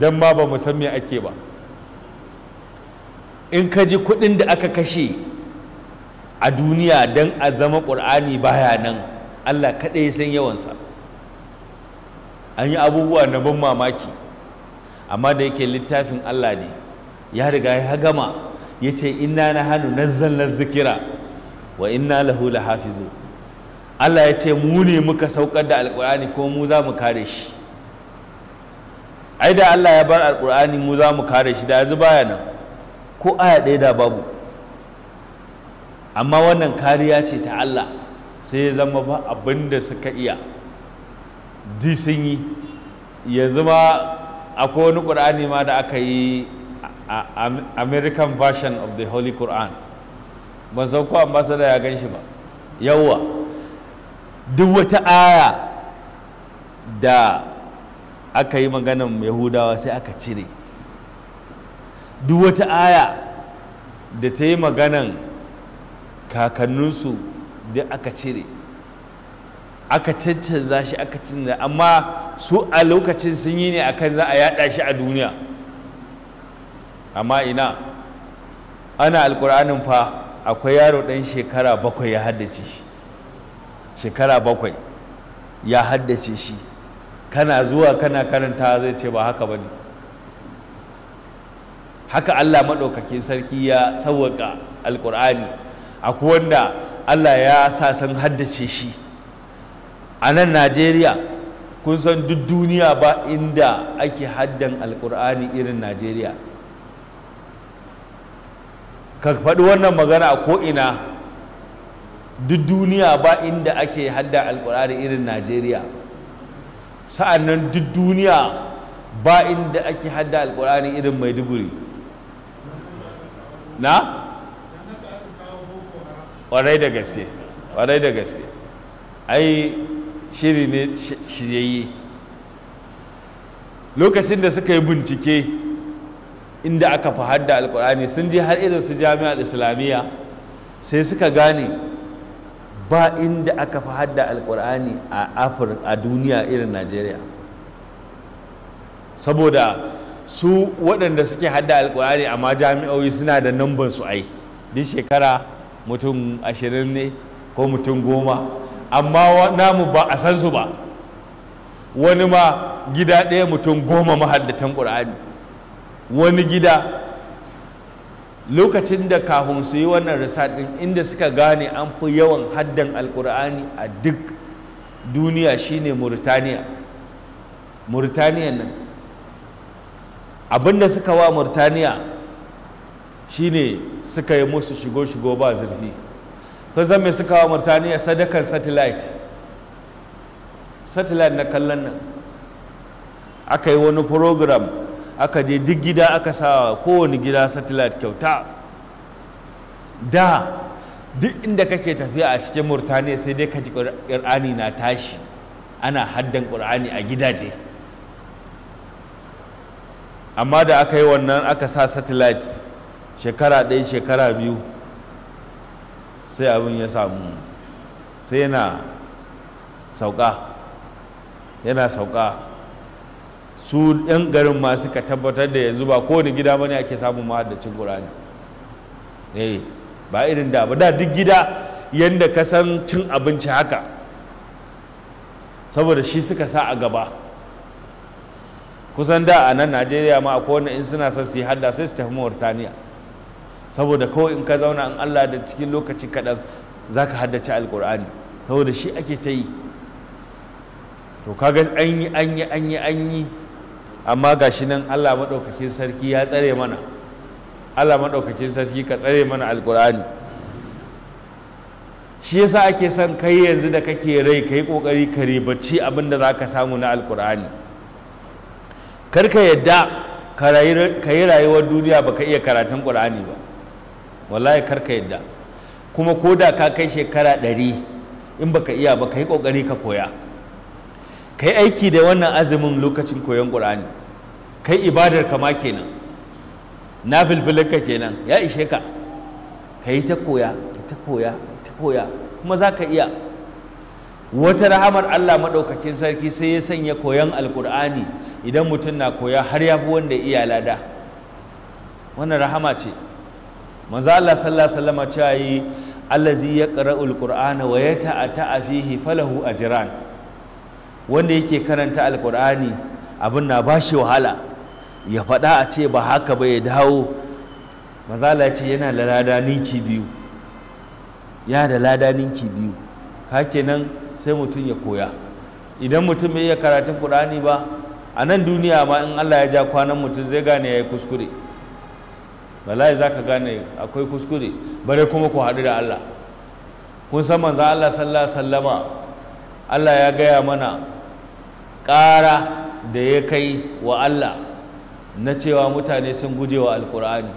don ma ba mu san me ake ba in ka ji kuɗin da aka kashe a duniya don a zama ƙur'ani baya nan Allah kaɗai san yawansa an yi abubuwa na ban mamaki amma da yake littafin Allah ne ya riga ya gama ya ce inna na hannu nazzalna zikira wa inna lahu hafizu Allah ya ce mu ne muka saukar da alƙur'ani kuma mu za mu kare shi ai da Allah ya bar alƙur'ani mu za mu kare shi da yanzu baya nan ko aya ɗaya da babu amma wannan kariya ce ta Allah sai ya zama ba abin da suka iya sun yi yanzu ma akwai wani ƙur'ani ma da aka yi american version of the holy quran ban san ko ambassador ya gan shi ba yawwa duk wata aya da aka yi maganan yahudawa sai aka cire duk wata aya da ta yi maganan kakanninsu da aka cire aka cancanza shi aka da amma su a lokacin sun yi ne akan za a yada shi a duniya amma ina ana alkur'anin fa akwai yaro ɗan shekara bakwai ya haddace shi shekara bakwai ya haddace shi kana zuwa kana karanta zai ce ba haka ba ne haka allah maɗaukakin sarki ya sawwaka alkur'ani akwai wanda Allah ya sa san haddace shi a nan Najeriya kun san duk duniya ba inda ake haddan alkur'ani irin Najeriya ka faɗi wannan magana ko ina duk duniya ba inda ake haddan alkur'ani irin Najeriya sa'an nan duk duniya ba inda ake haddan alkur'ani irin maiduguri na? kwarai da gaske kwarai da gaske ai shiri ne shiryayye lokacin da suka yi bincike inda aka fi hadda alkur'ani sun je har irin su jami'ar islamiyya sai suka gane ba inda aka fi hadda alkur'ani a a duniya irin najeriya saboda su waɗanda suke hadda alkur'ani amma jami'o'i suna da namban su ai duk shekara mutum ashirin ne ko mutum goma amma namu ba a san su ba wani ma gida ɗaya mutum goma mahaddatan ƙur'ani wani gida lokacin da kafin su yi wannan ɗin inda suka gane an fi yawan haddan alkur'ani a duk duniya shine murtaniya murtaniya nan abinda suka wa murtaniya shine suka yi musu shigo-shigo ba zurfi kusan mai suka wa murtaniya sadakan satellite satellite na kallon nan aka yi wani program aka je duk gida aka sa kowane gida satellite kyauta da duk inda kake tafiya a cikin murtaniya sai dai ka ji ƙur'ani na tashi ana haddan ƙur'ani a gidaje amma da aka yi wannan aka sa satellite shekara ɗaya shekara biyu sai abin ya samu sai yana sauka yana sauka su yan garin ma suka tabbatar da yanzu ba kowane gida ba ne ake samun mahaddacin ƙur'ani eh ba irin da ba da duk gida yadda ka san cin abinci haka saboda shi suka sa a gaba kusan da a nan najeriya ma a kowane in suna son su yi hadda sai su tafi mauritaniya saboda kawai in ka zauna an Allah da cikin lokaci kaɗan za ka haddace alƙur'ani saboda shi ake ta yi to kaga an yi an yi an yi an yi amma ga shi nan Allah maɗaukakin sarki ya tsare mana Allah maɗaukakin sarki ka tsare mana alƙur'ani shi yasa ake son kai yanzu da kake rai kai ƙoƙari ka ribaci abin da za ka samu na alƙur'ani kar ka yadda ka yi rayuwar duniya baka iya karatun ƙur'ani ba wallahi ka yadda kuma ko da ka kai shekara ɗari in baka iya ba ka yi ƙoƙari ka koya ka yi aiki da wannan azumin lokacin koyon ƙur'ani ka yi ibadar ma kenan na filfilinka kenan ya ishe ka ka yi ta koya ka ta koya ka ta koya kuma za ka iya wata rahamar Allah maɗaukakin sarki sai ya sanya koyon AlƘur'ani idan mutum na koya har ya fi wanda iya lada wannan rahama ce manzo Allah sallallahu alaihi wasallam cewa yi allazi yaqra'u alqur'ana wa yata'ata fihi falahu ajran wanda yake karanta alqur'ani abin na bashi wahala ya faɗa a ce ba haka ba ya dawo manzo Allah ce yana da lada ninki biyu ya da lada ninki biyu ka kenan sai mutum ya koya idan mutum bai iya karatun ƙur'ani ba a nan duniya ma in Allah ya ja kwanan mutum zai gane yayi kuskure wallahi za ka gane akwai kuskure bare kuma ku haɗu da Allah kun san manza Allah sallallahu sallama Allah ya gaya mana ƙara da ya kai wa Allah na cewa mutane sun guje wa alƙur'ani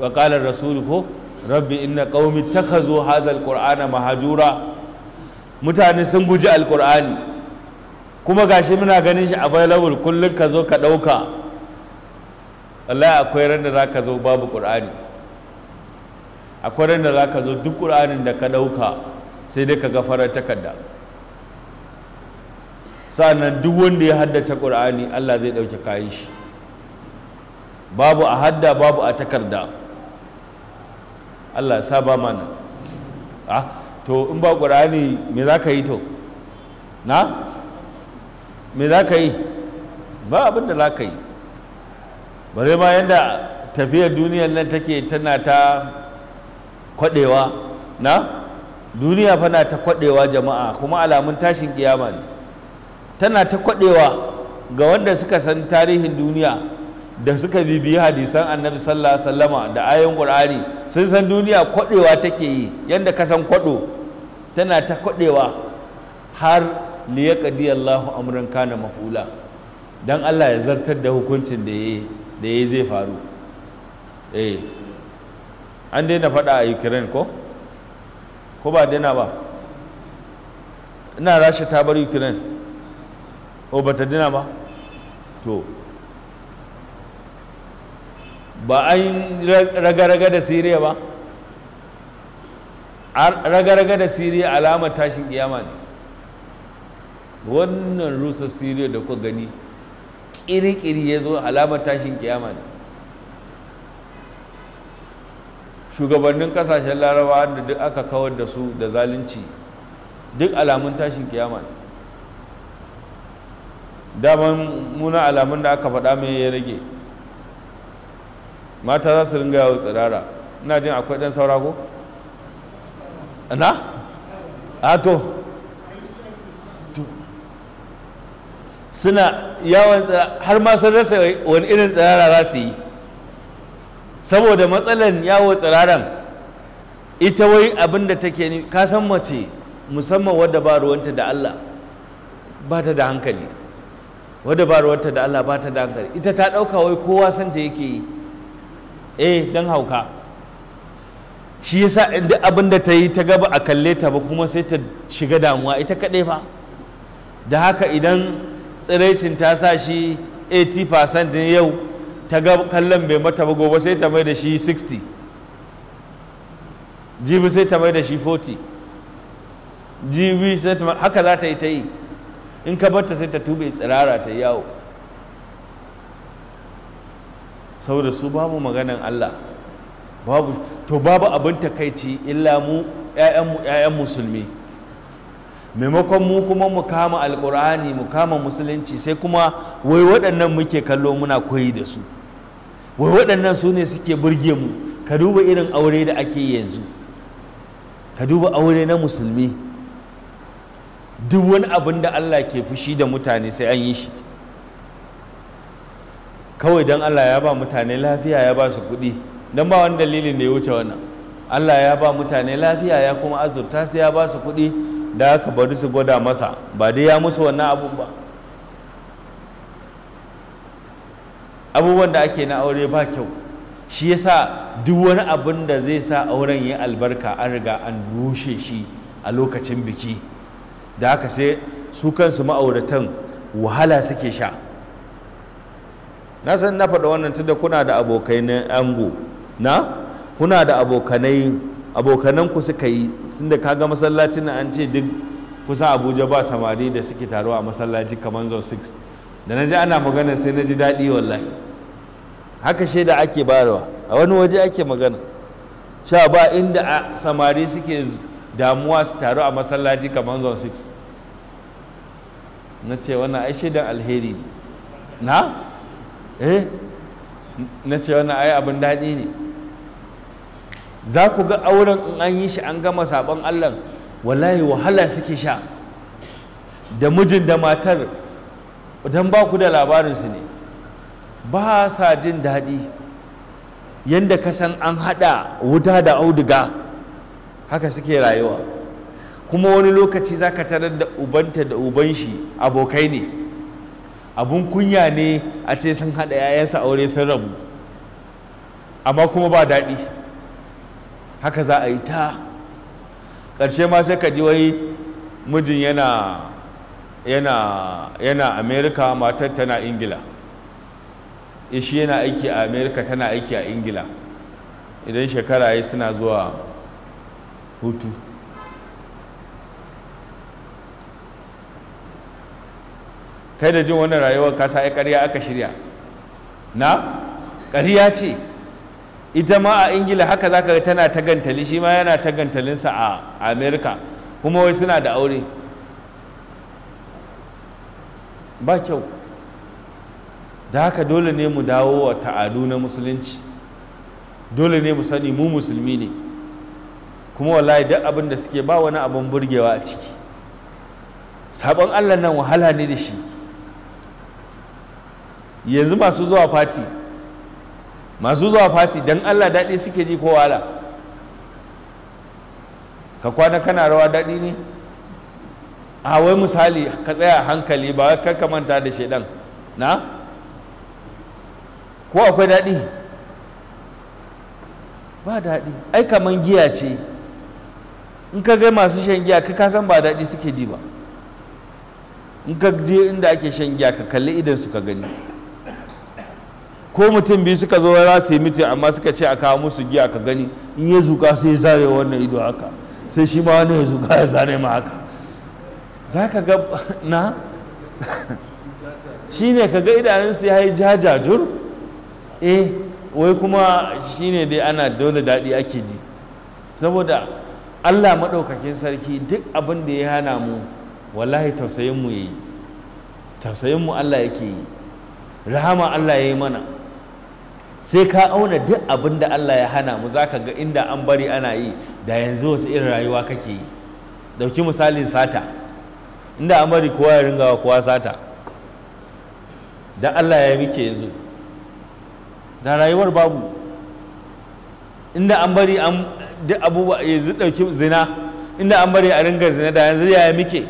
wa ƙalar rasulu ko rabbi inna ka zo haza alqur'ana mahajura mutane sun guje alƙur'ani kuma gashi muna ganin shi available kullum ka zo ka ɗauka Allah akwai ran da zaka zo babu Qur'ani akwai ran da zaka zo duk Qur'anin da ka dauka sai dai ka ga farar takarda sannan duk wanda ya haddace Qur'ani Allah zai dauke kayan shi babu a hadda babu a takarda Allah sa ba mana ah to in ba Qur'ani me zaka yi to na me zaka yi ba abin da zaka yi bare ma yadda tafiyar duniyar nan take tana ta kwadewa na duniya fana ta kwadewa jama'a kuma alamun tashin kiyama ne tana ta kwadewa ga wanda suka san tarihin duniya da suka bibiyi hadisan annabi sallallahu alaihi wasallama da ayoyin qur'ani sun san duniya kwadewa take yi yanda ka san kwado tana ta kwadewa har liyaqdi Allahu amran kana maf'ula dan Allah ya zartar da hukuncin da yayi da ya zai faru eh an daina faɗa a ukraine ko ko ba daina ba ina rasha ta bar ukraine o ba ta daina ba to ba an raga-raga da siriya ba raga-raga da siriya alamar tashin kiyama ne wannan rusa siriya da kuka gani kiri-kiri ya zo alamar tashin kiyama ne shugabannin kasashen larabawa da duk aka kawar da su da zalunci duk alamun tashin kiyama ne daman muna alamun da aka faɗa mai ya rage mata za su ringa yawo tsirara ina jin akwai ɗan saurago? na? na? ato suna yawon tsira har ma sun rasa wani irin tsirara za su yi saboda matsalan yawon tsiraran ita wai abin da take ni ka san mace musamman wadda ba ruwanta da Allah ba ta da hankali wadda ba ruwanta da Allah ba ta da hankali ita ta ɗauka wai kowa san ta yake yi eh don hauka shi yasa duk abin da ta yi ta gaba a kalle ta ba kuma sai ta shiga damuwa ita kaɗai fa da haka idan tsiraicin ta sa shi 80% din yau ta ga kallon bai mata ba gobe sai ta mai da shi 60 jibi sai ta mai da shi 40 jibi sai ta haka za ta yi ta yi in ka barta sai ta tube tsirara ta yawo da su babu maganan Allah babu to babu abin takaici illa mu 'ya'yan musulmi maimakon mu kuma mu kama alkur'ani mu kama musulunci sai kuma wai waɗannan muke kallo muna koyi da su wai waɗannan su ne suke burge mu ka duba irin aure da ake yanzu ka duba aure na musulmi duk wani abin da Allah ke fushi da mutane sai an yi shi kawai don Allah ya ba mutane lafiya ya ba su kuɗi don ba wani dalilin da ya wuce wannan Allah ya ba mutane lafiya ya kuma azurta sai ya ba su kuɗi da aka bari su gwada masa ba dai ya musu wannan abun ba abubuwan da ake na aure ba kyau shi yasa duk wani abin da zai sa auren ya albarka an riga an rushe shi a lokacin biki da haka sai su kansu ma'auratan wahala suke sha na san na faɗa wannan tunda kuna da abokai na ango na kuna da abokanai abokananku suka yi sun da kaga masallacin na an ce duk kusa abuja ba samari da suke taro a masallaci kamar zo 6 da na ji ana magana sai na ji daɗi wallahi haka shaida ake barawa a wani waje ake magana sha ba inda samari suke damuwa su taru a masallaci kamar zo 6 na ce wannan ai shaidan alheri ne na eh na ce wannan ai abin daɗi ne za ku ga auren in an yi shi an gama sabon allah wallahi wahala suke sha da mijin da matar don ba ku da labarinsu ne ba sa jin daɗi yadda ka san an haɗa wuta da auduga haka suke rayuwa kuma wani lokaci za ka tarar da ubanta da uban shi abokai ne abun kunya ne a ce sun haɗa 'ya'yansa aure sun rabu amma kuma ba daɗi haka za a yi ta ƙarshe ma sai ka ji wai mijin yana yana amerika matar tana ingila ishi eh, yana aiki a amerika tana aiki a ingila idan shekara ya suna zuwa hutu kai da jin wannan rayuwar kasa ya karya aka shirya na ƙarya ce ita ma a ingila haka zaka ga tana tagantali shi ma yana tagantalinsa a amerika kuma wai suna da aure ba kyau da haka dole ne mu dawo wa ta'adu na musulunci dole ne mu sani mu musulmi ne kuma wallahi duk abin da suke ba wani abin burgewa a ciki sabon allah nan wahala ne da shi yanzu masu zuwa fati masu zuwa fati don allah daɗi suke ji ko wahala ka kwana kana rawa daɗi ne a wai misali ka tsaya hankali ba kar ka manta da shaidan na ko akwai daɗi ba daɗi ai kaman giya ce in ka ga masu shan giya ka kasan ba daɗi suke ji ba in ka je inda ake shan giya ka kalli idan su ka gani ko mutum biyu suka zo za su yi miti amma suka ce a kawo musu giya ka gani in ya zuka sai ya zare wannan ido haka sai shi ma wani ya zuka ya zare ma haka za ka ga na shi ne ka ga su ya yi jajajur eh wai kuma shi ne dai ana dole daɗi ake ji saboda allah maɗaukakin sarki duk abin da ya hana mu wallahi tausayinmu ya yi tausayinmu allah yake yi rahama allah ya yi mana sai ka auna duk abin da Allah ya hana mu zaka ga inda an bari ana yi da yanzu wasu irin rayuwa kake yi dauki misalin sata inda an bari kowa ya ringa kowa sata da Allah ya muke yanzu da rayuwar babu inda an bari an duk abubuwa yanzu dauki zina inda an bari a ringa zina da yanzu ya muke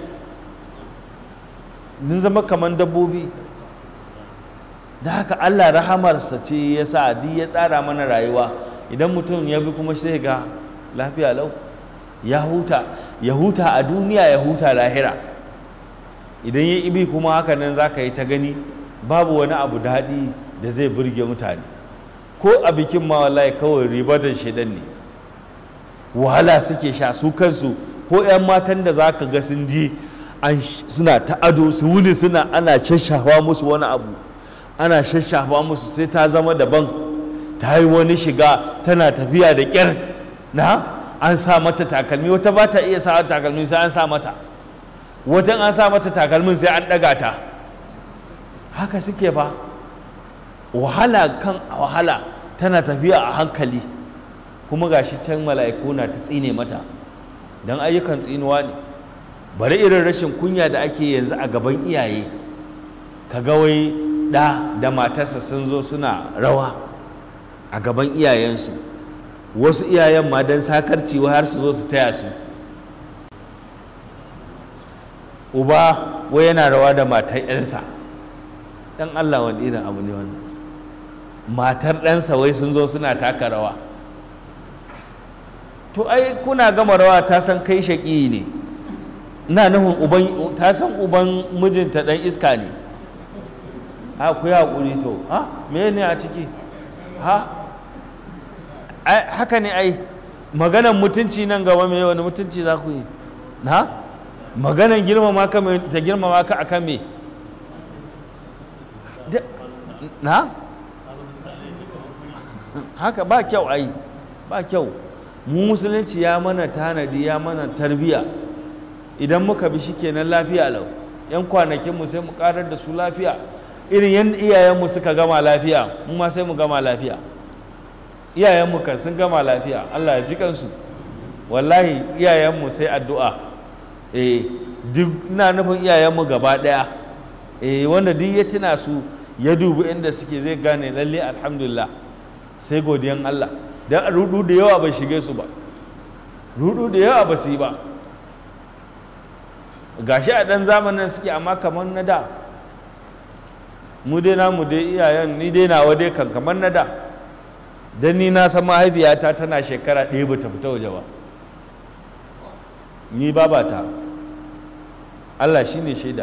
mun zama kamar dabbobi da haka Allah rahamarsa ce ya sa Adi ya tsara mana rayuwa idan mutum ya bi kuma sai ga lafiya lau ya huta ya huta a duniya ya huta lahira idan ya ibi kuma haka nan za ka yi ta gani babu wani abu daɗi da zai burge mutane ko a bikin ma wallahi kawai da shaidan ne wahala suke sha su kansu ko 'yan matan da za ka ga sun je suna ta ado su wuni suna ana shashawa musu wani abu ana shashafa musu sai ta zama daban ta yi wani shiga tana tafiya da ƙyar na an sa mata takalmi wata ba ta iya sa takalmi sai an sa mata watan an sa mata takalmin sai an ɗaga ta haka suke ba wahala kan wahala tana tafiya a hankali kuma gashi can mala'iku na ta tsine mata don ayyukan tsinuwa ne bari irin rashin kunya da ake yanzu a gaban iyaye ka ga wai ɗa da matarsa sun zo suna rawa a gaban iyayensu wasu iyayen ma don sakarci har su zo su taya su uba wai yana rawa da matar ɗansa ɗan Allah wani irin abu ne wannan matar ɗansa wai sun zo suna taka rawa to ai kuna gama rawa ta san kai shaƙi ne na nufin ta san uban mijinta ɗan iska ne ha ku ya hakuri to ha me ne a ciki ha haka ne ai maganan mutunci nan gaba me wani mutunci za ku yi ha maganan girmama ka ta girmama ka akan me na haka ba kyau ai ba kyau mu musulunci ya mana tanadi ya mana tarbiya idan muka bi shikenan lafiya lau yan kwanakin mu sai mu karar da su lafiya irin yadda iyayenmu suka gama lafiya mu ma sai mu gama lafiya iyayenmu kan sun gama lafiya Allah ya ji kansu wallahi iyayenmu sai addu'a eh duk ina nufin iyayenmu gaba daya eh wanda duk ya tuna su ya dubi inda suke zai gane lalle alhamdulillah sai godiyan Allah dan rudu da yawa bai shige su ba rudu da yawa ba su yi ba gashi a dan zamanin suke amma kamar na da mu dai namu dai iyayen ni dai nawa dai kan kamar na da dan ni na san mahaifiyata tana shekara ɗaya ba ta fita waje ba ni babata Allah shi ne shaida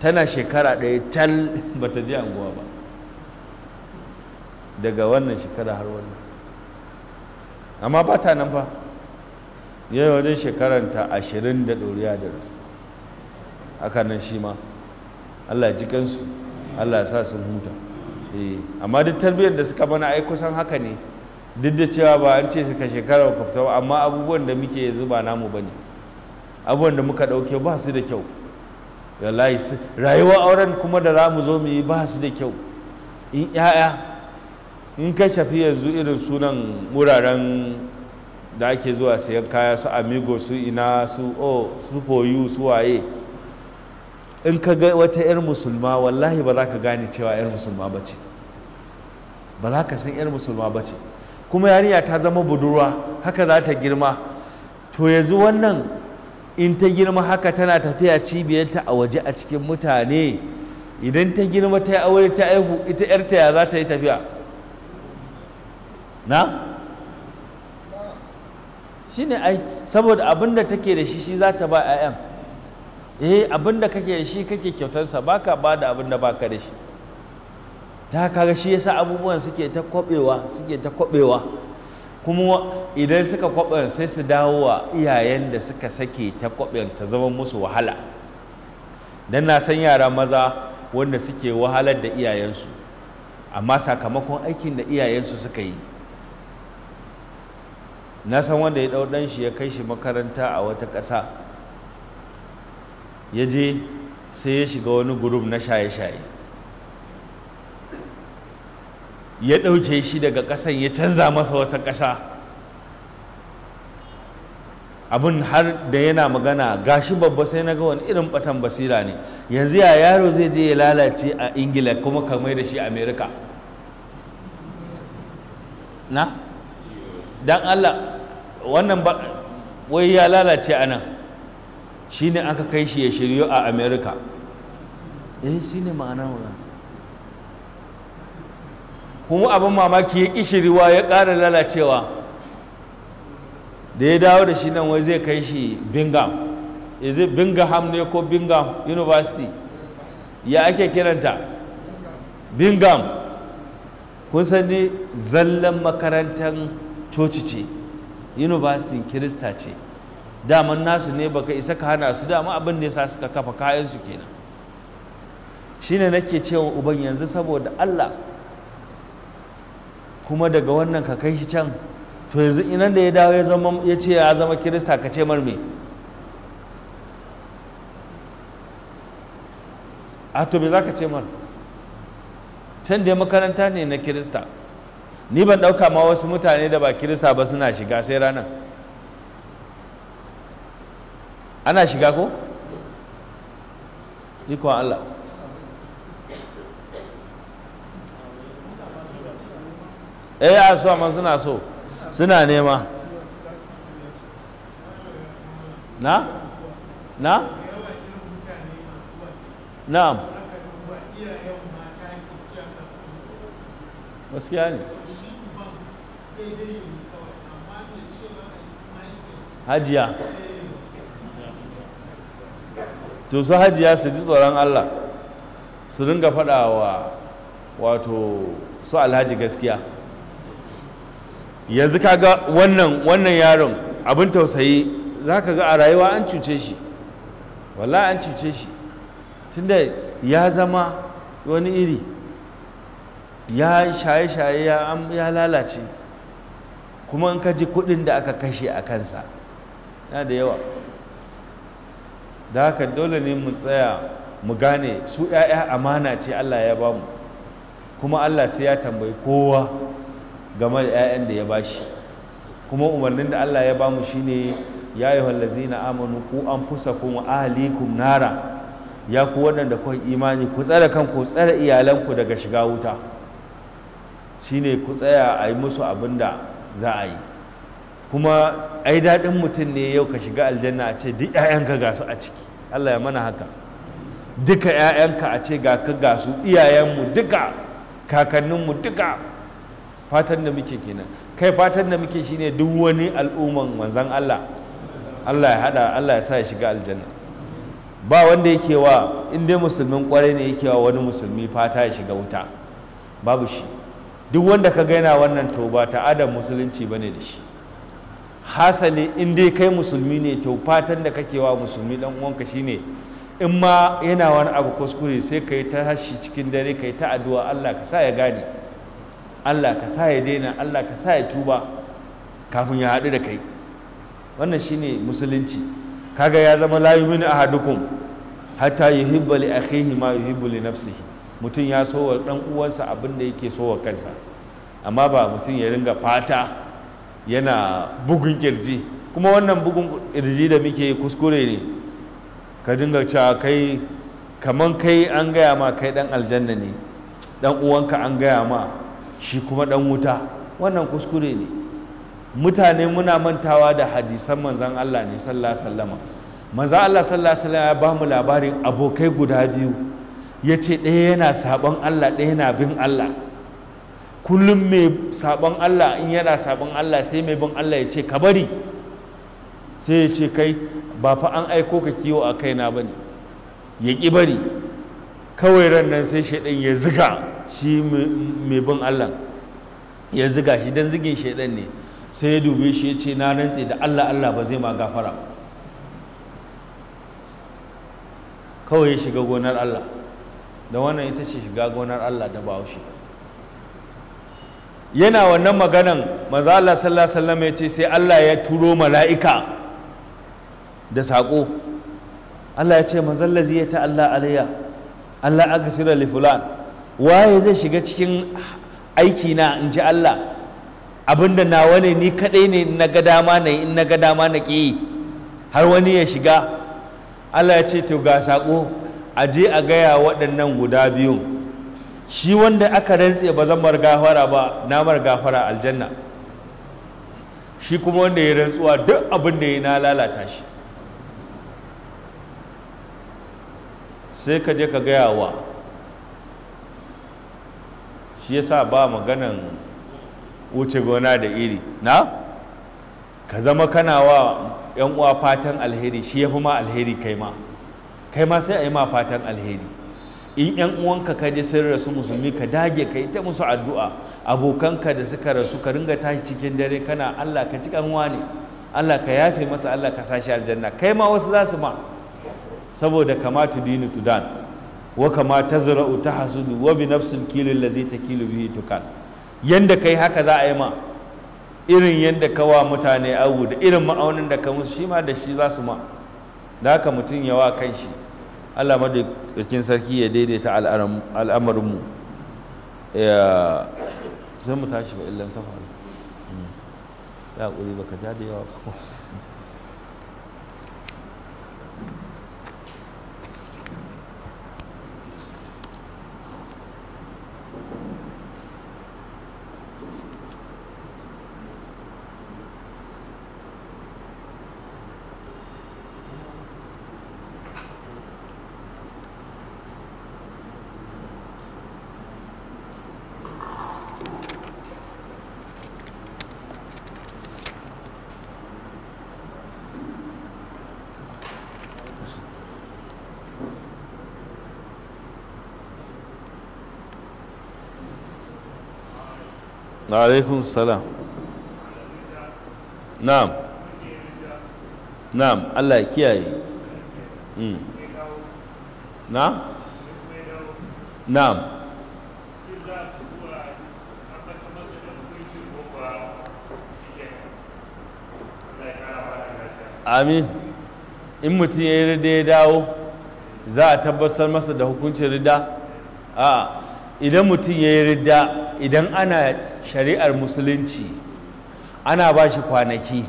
tana shekara ɗaya tal ba ta je anguwa ba daga wannan shekara har wannan amma ba ta nan fa yau wajen ta ashirin da ɗoriya da rasu haka nan shi ma Allah ji kansu Allah sa sun huta eh, amma duk tarbiyyar da suka bana ai kusan haka ne duk da cewa ba an ce suka shekara ba amma abubuwan da muke zuba ba namu bane abubuwan da muka dauke ba su da kyau wallahi rayuwar auren kuma da za mu zo mu yi ba su da kyau in ya'ya in ka shafi yanzu irin sunan wuraren da ake zuwa sayan kaya su amigo su ina su o su su waye in ka ga wata 'yar musulma wallahi ba za ka gane cewa 'yar musulma ba ce ba za ka san 'yar musulma ba ce kuma yarinya ta zama budurwa haka za ta girma to yanzu wannan in ta girma haka tana tafiya cibiyarta a waje a cikin mutane idan ta girma ta yi aure ta aihu ita 'yarta ya za ta yi tafiya na? ne ai saboda abin da take da shi shi za ta ba 'ya'yan eh abin da kake shi kake kyautarsa baka ba da abin da baka da shi da kaga shi yasa abubuwan suke ta kwabewa suke ta kwabewa kuma idan suka kwabewa, sai su dawo wa iyayen da suka sake ta kwaben ta zama musu wahala dan na san yara maza wanda suke wahalar da iyayensu amma sakamakon aikin da iyayensu suka yi na san wanda ya ɗau ɗan shi ya kai shi makaranta a wata ƙasa ya je sai ya shiga wani gurub na shaye-shaye ya ɗauke shi daga ƙasan ya canza masa wasa ƙasa abin har da yana magana gashi babba sai na ga wani irin batan basira ne yanzu ya yaro zai je ya lalace a ingila kuma kamar da shi amerika na don allah wannan ba wai ya lalace a nan shi ne aka kai shi ya shiryo a america eh shi ne ma'ana magana kuma abin mamaki ya ƙi shiriwa ya ƙara lalacewa da ya dawo da shi nan wai zai kai shi bingham bingham ne ko bingham university ya ake kiranta bingham kun sani zallan makarantar coci ce university kirista ce daman nasu ne baka isa ka hana su dama abin da sa suka kafa kayan su kenan shine nake cewa uban yanzu saboda Allah kuma daga wannan ka kai shi can to yanzu inan da ya dawo ya zama ya ce ya zama kirista ka ce mar me a to me zaka ce mar can da makaranta ne na kirista ni ban dauka ma wasu mutane da ba kirista ba suna shiga sai ranar ana shiga ko ikon Allah eh a so amma suna so suna nema na na na gaskiya ne hajiya to su hajiya su ji tsoron Allah su ringa faɗa wa wato su alhaji gaskiya yanzu kaga wannan wannan yaron abin tausayi za ka ga a rayuwa an cuce shi walla an cuce shi tunda ya zama wani iri ya shaye-shaye ya lalace kuma in ka ji kudin da aka kashe a kansa na da yawa da haka dole ne mu tsaya mu gane su 'ya'ya amana ce Allah ya bamu kuma Allah sai ya tambayi kowa game da 'ya'yan da ya bashi kuma umarnin da Allah ya bamu shine ya yi na amanu ku an fusa kuma ahalikum nara ya ku waɗanda ku imani ku tsare kanku tsare iyalanku daga shiga wuta shine ku tsaya a yi musu abin da za a yi kuma ai daɗin mutum ne yau ka shiga aljanna a ce duk 'ya'yanka ga su a ciki Allah ya mana haka duka 'ya'yanka a ce ga ka ga su iyayenmu duka kakanninmu duka fatan da muke kenan kai fatan da muke shine duk wani al'umman wanzan Allah Allah ya hada Allah ya sa ya shiga aljanna ba wanda yake wa in dai musulmin kwarai ne yake wa wani musulmi fata ya shiga wuta babu shi duk wanda ka gaina wannan to ba ta adam musulunci bane da shi hasali in dai kai musulmi ne to fatan da kake wa musulmi dan uwanka shine in ma yana wani abu kuskure sai kayi ta hashi cikin dare kayi ta addu'a Allah ka sa ya gane Allah ka sa ya daina Allah ka sa ya tuba kafin ya haɗu da kai wannan shine musulunci kaga ya zama la yu'minu ahadukum hatta yuhibba li akhihi ma yuhibbu li nafsihi mutum ya so wa dan uwansa abin da yake so wa kansa amma ba mutum ya ringa fata yana bugun kirji kuma wannan bugun kirji da muke kuskure ne ka dinga cewa kai kaman kai an gaya ma kai dan aljanna ne dan uwanka an gaya ma shi kuma dan wuta wannan kuskure ne mutane muna mantawa da hadisan manzan Allah ne sallallahu alaihi wasallama manzan Allah sallallahu alaihi wasallama ya ba mu labarin abokai guda biyu yace ɗaya yana sabon Allah ɗaya yana bin Allah kullum mai sabon Allah in yana sabon Allah sai mai bin Allah ya ce ka bari sai ya ce kai ba fa an aiko ka kiwo a kaina ba ne ya ƙi bari kawai ran nan sai shaidan ya ziga shi mai bin Allah ya ziga shi don zigin shaidan ne sai ya dube shi ya ce na rantse da Allah Allah ba zai ma gafara kawai ya shiga gonar Allah da wannan ita ce shiga gonar Allah da bahaushe yana wannan maganan maza Allah sallallahu ya ce sai Allah ya turo mala'ika da saƙo Allah ya ce manzon zai ta Allah alayya Allah aghfira li fulan waye zai shiga cikin aiki na in ji Allah abinda nawa ne ni kadai ne na ga dama na in na ga dama na ki har wani ya shiga Allah ya ce to ga saƙo a je a gaya waɗannan guda biyun shi wanda aka rantse ba zan mar gafara ba na gafara aljanna shi kuma wanda ya rantsuwa duk abin da ya lalata shi sai ka je ka gaya wa shi ya sa ba maganan wuce gona da iri na ka zama kana wa 'yan uwa fatan alheri shi ya fi ma alheri kai ma kai ma sai a yi ma fatan alheri in yan uwanka ka je sun rasu musulmi ka dage ka yi ta musu addu'a abokanka da suka rasu ka ringa tashi cikin dare kana Allah ka ci kanwa ne Allah ka yafe masa Allah ka sashi aljanna kai ma wasu za su ma saboda kama tudinu tudan wa kama tazra'u tahasudu wa bi nafsil kilu allazi takilu bihi tukan yanda kai haka za a yi ma irin yanda ka wa mutane awu da irin ma'aunin da ka musu shi ma da shi za su ma da haka mutum yawa kan shi Allah madaukakin sarki ya daidaita al'amarinmu sai mu tashi ba illan ta faru hmm. ya ƙuri baka ja da yawa alaikun salam na'am na'am allah kiyaye hmm. na'am na'am amin in mutum ya yi rida ya dawo za a tabbatar masa da hukuncin rida a idan mutum ya yi rida idan ana shari'ar musulunci ana ba shi kwanaki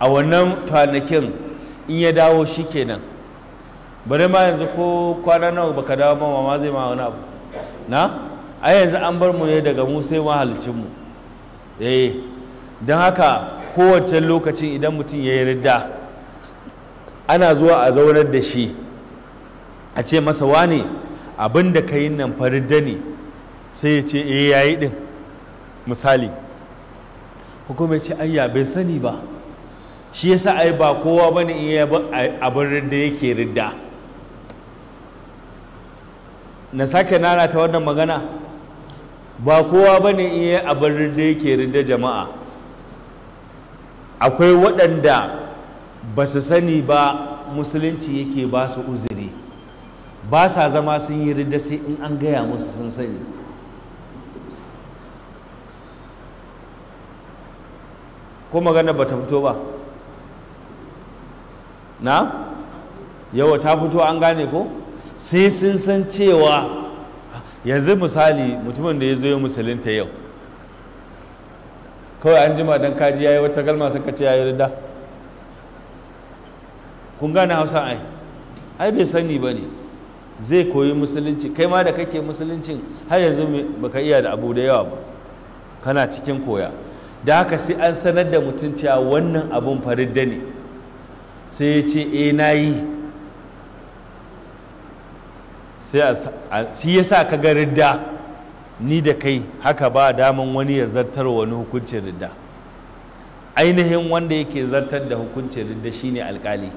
a wannan kwanakin in ya dawo shi kenan bari ma yanzu ko kwana nawa baka dawo ba zai ma wani abu na a yanzu an bar mu ne daga mu sai mahalicinmu eh don haka kowace lokacin idan mutum ya yi ridda ana zuwa a zaunar da shi a ce masa wane abin da ka yi nan faridda ne sai ya ce eh yayi din misali hukumar ce ayya bai sani ba shi yasa ai ba kowa bane in ya abin ridda yake ridda na sake nana ta wannan magana ba kowa bane in ya abin ridda yake ridda jama'a akwai waɗanda ba su sani ba musulunci yake ba su uzuri ba sa zama sun yi ridda sai in an gaya musu sun sani ko magana ba ta fito ba na yawa ta fito an gane ko sai sun san cewa yanzu misali mutumin da ya zo ya musulunta yau kawai an jima don kaji ya yi wata kalma suka ce ya yi rida kun gane hausa ai ai bai sani ba ne zai koyi musulunci kai ma da kake musuluncin har yanzu baka iya da abu da yawa ba kana cikin koya da haka sai an sanar da mutum cewa wannan abun faridda ne sai ya ce e na yi sai ya sa ka ga ridda ni da kai haka ba daman wani ya zartar wani hukuncin ridda ainihin wanda yake zartar da hukuncin ridda shine alkali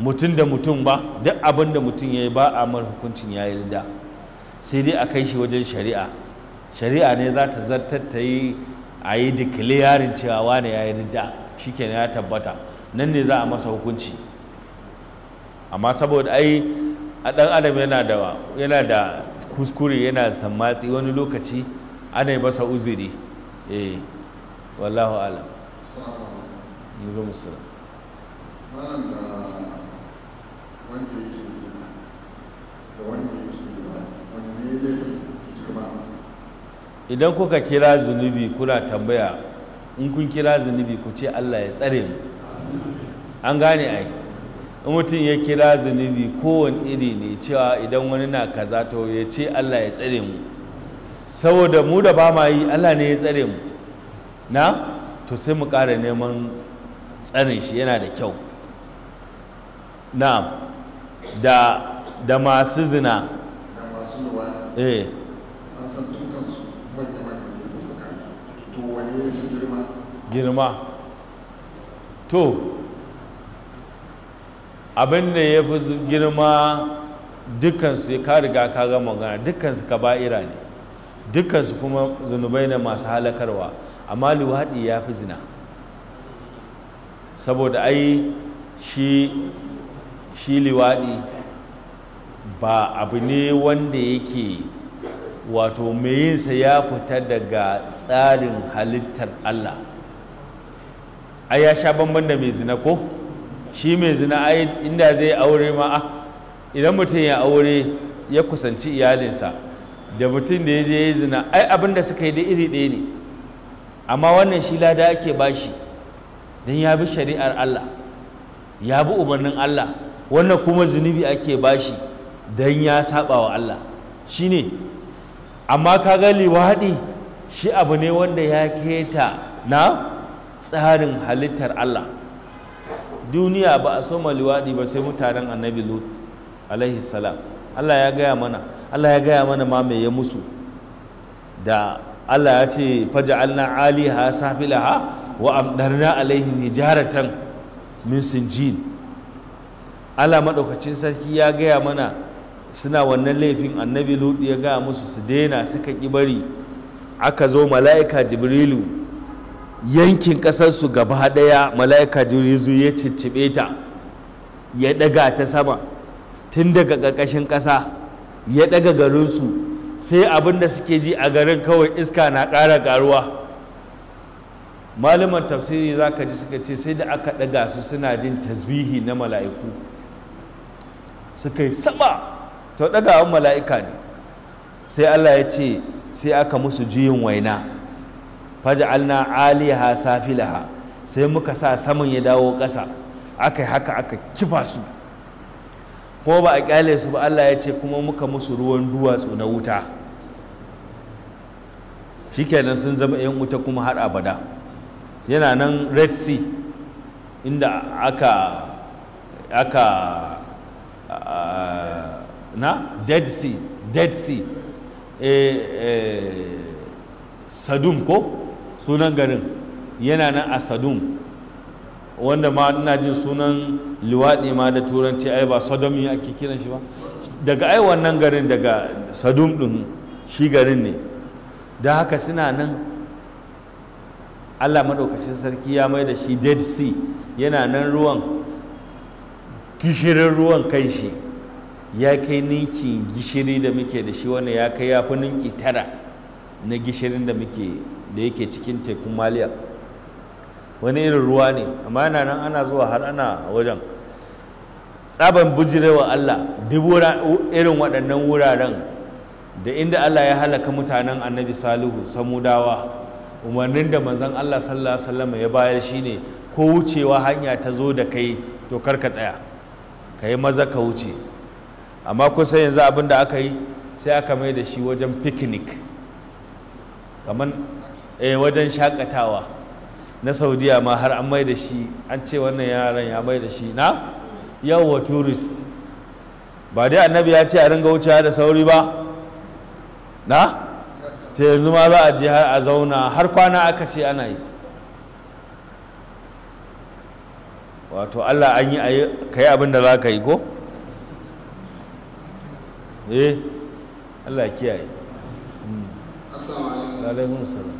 mutum da mutum ba duk abin da mutum ya yi ba a mar hukuncin ya yi ridda sai dai a kai shi wajen shari'a shari'a ne za ta zartar ta yi a yi declaring cewa wane ya yi ridda shikenan ya tabbata nan ne za a masa hukunci amma saboda ai a ɗan adam yana da yana da kuskure yana samatsi wani lokaci ana yi masa uzuri eh wallahu alam Nuga Musulun. Malam da wanda yake zina da wanda yake wani ne ya idan kuka kira zunubi kuna tambaya in kun kira zunubi ku ce Allah ya tsare mu an gane ai in mutum ya kira zunubi kowane iri ne cewa idan wani na kaza to ya ce Allah ya tsare mu saboda mu da ba ma yi Allah ne ya tsare mu na to sai mu kara neman tsarin shi yana da kyau na'am da masu zina da masu eh girma to abin da ya fi girma dukansu ka riga ka ga magana dukansu ka ba'ira ne dukansu kuma zunubai ne masu halakarwa amma luwaɗi ya fi zina saboda ai shi shi liwaɗi ba abu ne wanda yake wato mai yinsa ya fita daga tsarin halittar Allah ai ya sha bamban da mai zina ko shi mai zina ai inda zai aure ma a? Ah, idan mutum ya aure ya kusanci iyalinsa da mutum da ya je ya zina ai abin suka yi da iri ɗaya ne amma wannan shi lada ake bashi don ya bi shari'ar Allah ya bi umarnin Allah wannan kuma zunubi ake bashi don ya saba wa Allah shi ne amma ka wa liwaɗi shi abu ne wanda ya keta na tsarin halittar Allah duniya ba a soma liwaɗi ba sai mutanen annabi lut alaihi salam Allah ya gaya mana Allah ya gaya mana ma mai ya musu da Allah ya ce faja'alna aliha safilaha wa amdarna alaihim hijaratan min sinjin Allah madaukacin sarki ya gaya mana suna wannan laifin annabi lut ya gaya musu su daina suka ƙi bari aka zo mala'ika jibrilu yankin su gaba ɗaya mala'ika jirizu ya ciccibe ta ya ɗaga ta sama tun daga ƙarƙashin ƙasa ya ɗaga garinsu sai abin da suke ji a garin kawai iska na ƙara ƙaruwa malaman tafsiri za ka ji suka ce sai da aka ɗaga su suna jin tasbihi na mala'iku suka yi saba to ɗagawan mala'ika ne sai allah ya ce sai aka musu juyin waina faj'alna 'aliha safilaha sai muka sa saman ya dawo ƙasa akai haka aka kifa su ko ba a kyale su ba Allah ya ce kuma muka musu ruwan duwatsu na wuta shikenan sun zama yan wuta kuma har abada yana nan red sea inda aka aka ah, na dead sea dead sea eh, eh, sadum ko sunan garin yana nan a sadum wanda ma ina jin sunan luwaɗi ma da turanci ai ba sodomi ake kiran shi ba daga ai wannan garin daga sadum ɗin shi garin ne da haka suna nan allah maɗaukacin sarki ya mai da shi dead sea yana nan ruwan gishirin ruwan kan shi ya kai ninki gishiri da muke da shi wanda ya kai ya fi ninki tara na gishirin da muke da yake cikin tekun maliya wani irin ruwa ne amma yana nan ana zuwa har ana wajen tsaban bujirewa Allah dubu irin waɗannan wuraren da inda Allah ya halaka mutanen annabi salihu samudawa umarnin da manzon Allah sallallahu alaihi wasallam ya bayar shi ne ko wucewa hanya ta zo da kai to kar ka tsaya ka maza ka wuce amma kusa yanzu abin da aka yi sai aka mai da shi wajen picnic kamar eh wajen shakatawa na saudiya ma har an mai da shi an ce wannan yaran ya mai da shi na yawwa tourist ba dai annabi ya ce a ringa wucewa da sauri ba na ta yanzu ma za a je har a zauna har kwana aka ce ana yi wato allah an yi ka yi abin da za ka yi ko eh allah kiyaye hmm. assalamu alaikum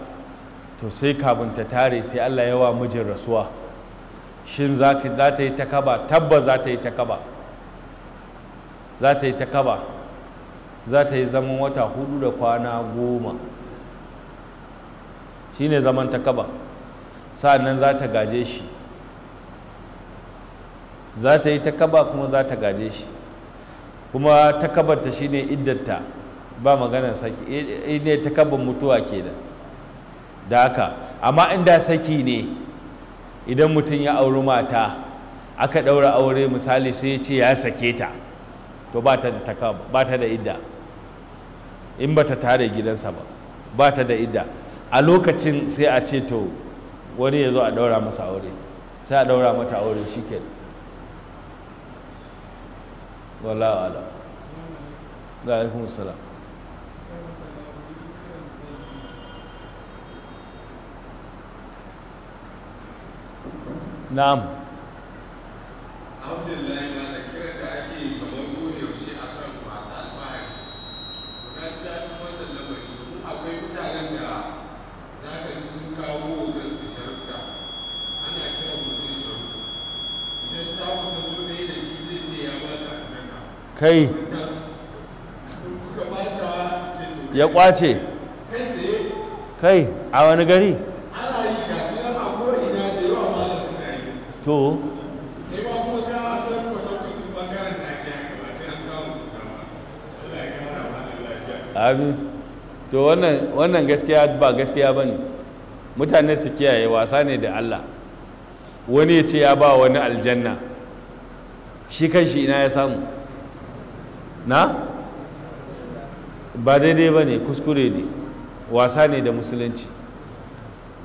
to sai kafin ta tare sai Allah yawa mijin rasuwa shin za ta yi ta kaba tabba za ta yi ta kaba za ta yi ta kaba za ta yi zaman wata hudu da kwana goma shi ne zaman ta kaba nan za ta gaje shi za ta yi ta kaba kuma za ta gaje shi kuma ta kabarta shi ne iddata ba maganar saki ne ta kaban mutuwa ke da da haka amma inda saki ne idan mutum ya auri mata aka ɗaura aure misali sai ya ce ya sake ta to ba ta da idda in ba ta tare gidansa ba ba ta da idda a lokacin sai a ce to wani ya zo a ɗaura masa aure sai a ɗaura mata aure shi ke wallahu salam na'am Abdullahi ba da kira da ake yi kamar gode yaushe a kan masu alfahari na ji daɗin wannan lamari domin akwai mutanen da za ka ji sun kawo wa kansu sharifta ana kiran mutum sharifta idan ta ta zo ɗaya da shi zai ce ya ba baka aljanna kai ya kwace kai a wani gari to amin to wannan gaskiya ba gaskiya ba ne mutane su kiyaye wasa ne da allah wani ya ce ya ba wani aljanna shi kan shi ina ya samu na ba daidai ba ne kuskure ne wasa ne da musulunci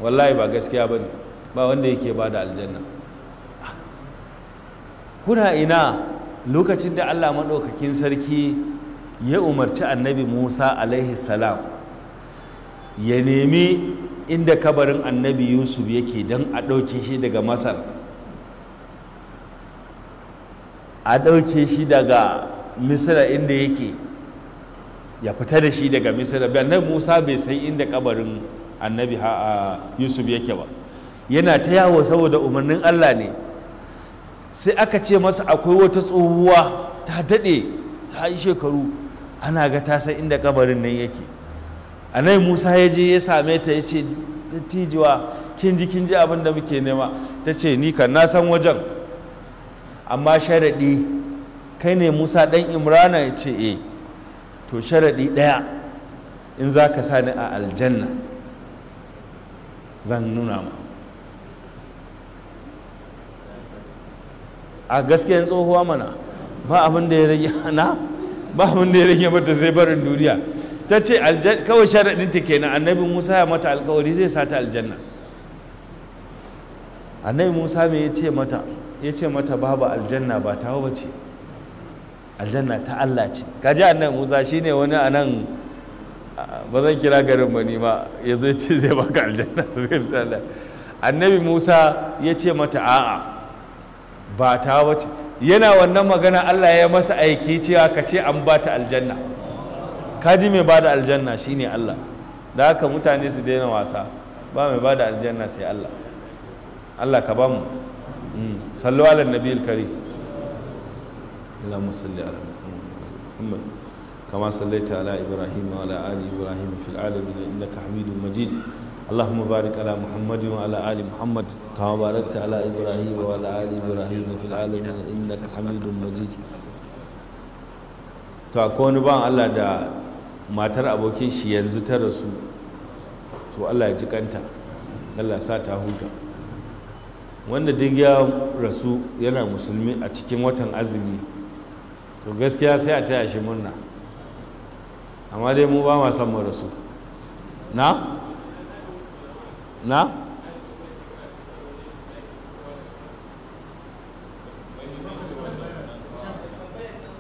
wallahi ba gaskiya ba ne ba wanda yake ba da aljanna kuna ina lokacin da Allah maɗaukakin sarki ya umarci annabi Musa alaihi salam ya nemi inda kabarin annabi Yusuf yake don a ɗauke shi daga Masar a ɗauke shi daga Misira inda yake ya fita da shi daga Misira annabi Musa bai san inda kabarin annabi Yusuf yake ba yana ta yawo saboda umarnin Allah ne sai aka ce masa akwai wata tsohuwa ta daɗe ta yi shekaru ana ga ta san inda kabarin nan yake a nan musa ya je ya same ta ya ce dattijuwa kin ji kin ji abin da muke nema ta ce ni kan na san wajen amma sharaɗi kai ne musa ɗan imrana ya ce e to sharaɗi ɗaya in za ka ni a aljanna zan nuna ma a gaskiyar tsohuwa mana ba abin da ya rage na ba abin da ya rage mata sai barin duniya ta ce kawai sharaɗin ta kenan annabi musa ya mata alkawari zai sa ta aljanna annabi musa mai ya ce mata ya ce mata babu aljanna ba ta ba ce aljanna ta allah ce kaji annabi musa shi ne wani a nan ba zan kira garin ba ne ma ya zai ce zai baka aljanna annabi musa ya ce mata a'a ba ta wace yana wannan magana Allah ya masa aiki cewa ka ce an ba ta aljanna kaji mai ba da aljanna shine Allah da haka mutane su daina wasa ba mai ba da aljanna sai Allah Allah ka ba mu mm. sallu ala nabiyil karim اللهم صل على محمد كما صليت على ابراهيم وعلى ال ابراهيم في العالمين انك حميد مجيد اللهم بارك على محمد وعلى آل محمد كما باركت على إبراهيم وعلى آل إبراهيم في العالمين إنك حميد مجيد to akwai wani ban Allah da matar abokin shi yanzu ta rasu to Allah ya ji kanta Allah sa ta huta wanda duk ya rasu yana musulmi a cikin watan azumi to gaskiya sai a taya shi murna amma dai mu ba ma son mu rasu na na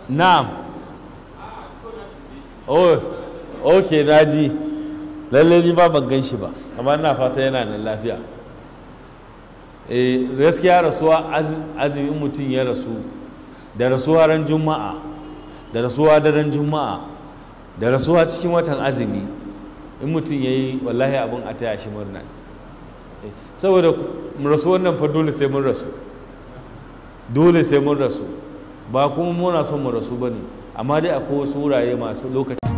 na oh ok naji lalle ni ba ban gan shi ba amma ina fata yana nan lafiya eh gaskiya rasuwa azumin mutum ya rasu da rasuwa ran juma'a da rasuwa daren juma'a da rasuwa cikin watan azumi in mutum ya yi wallahi abin a taya shi murna Eh, saboda rasu wannan fa dole sai mun rasu dole sai mun rasu ba kuma muna son mu rasu bane amma dai akwai wasu wuraye masu lokaci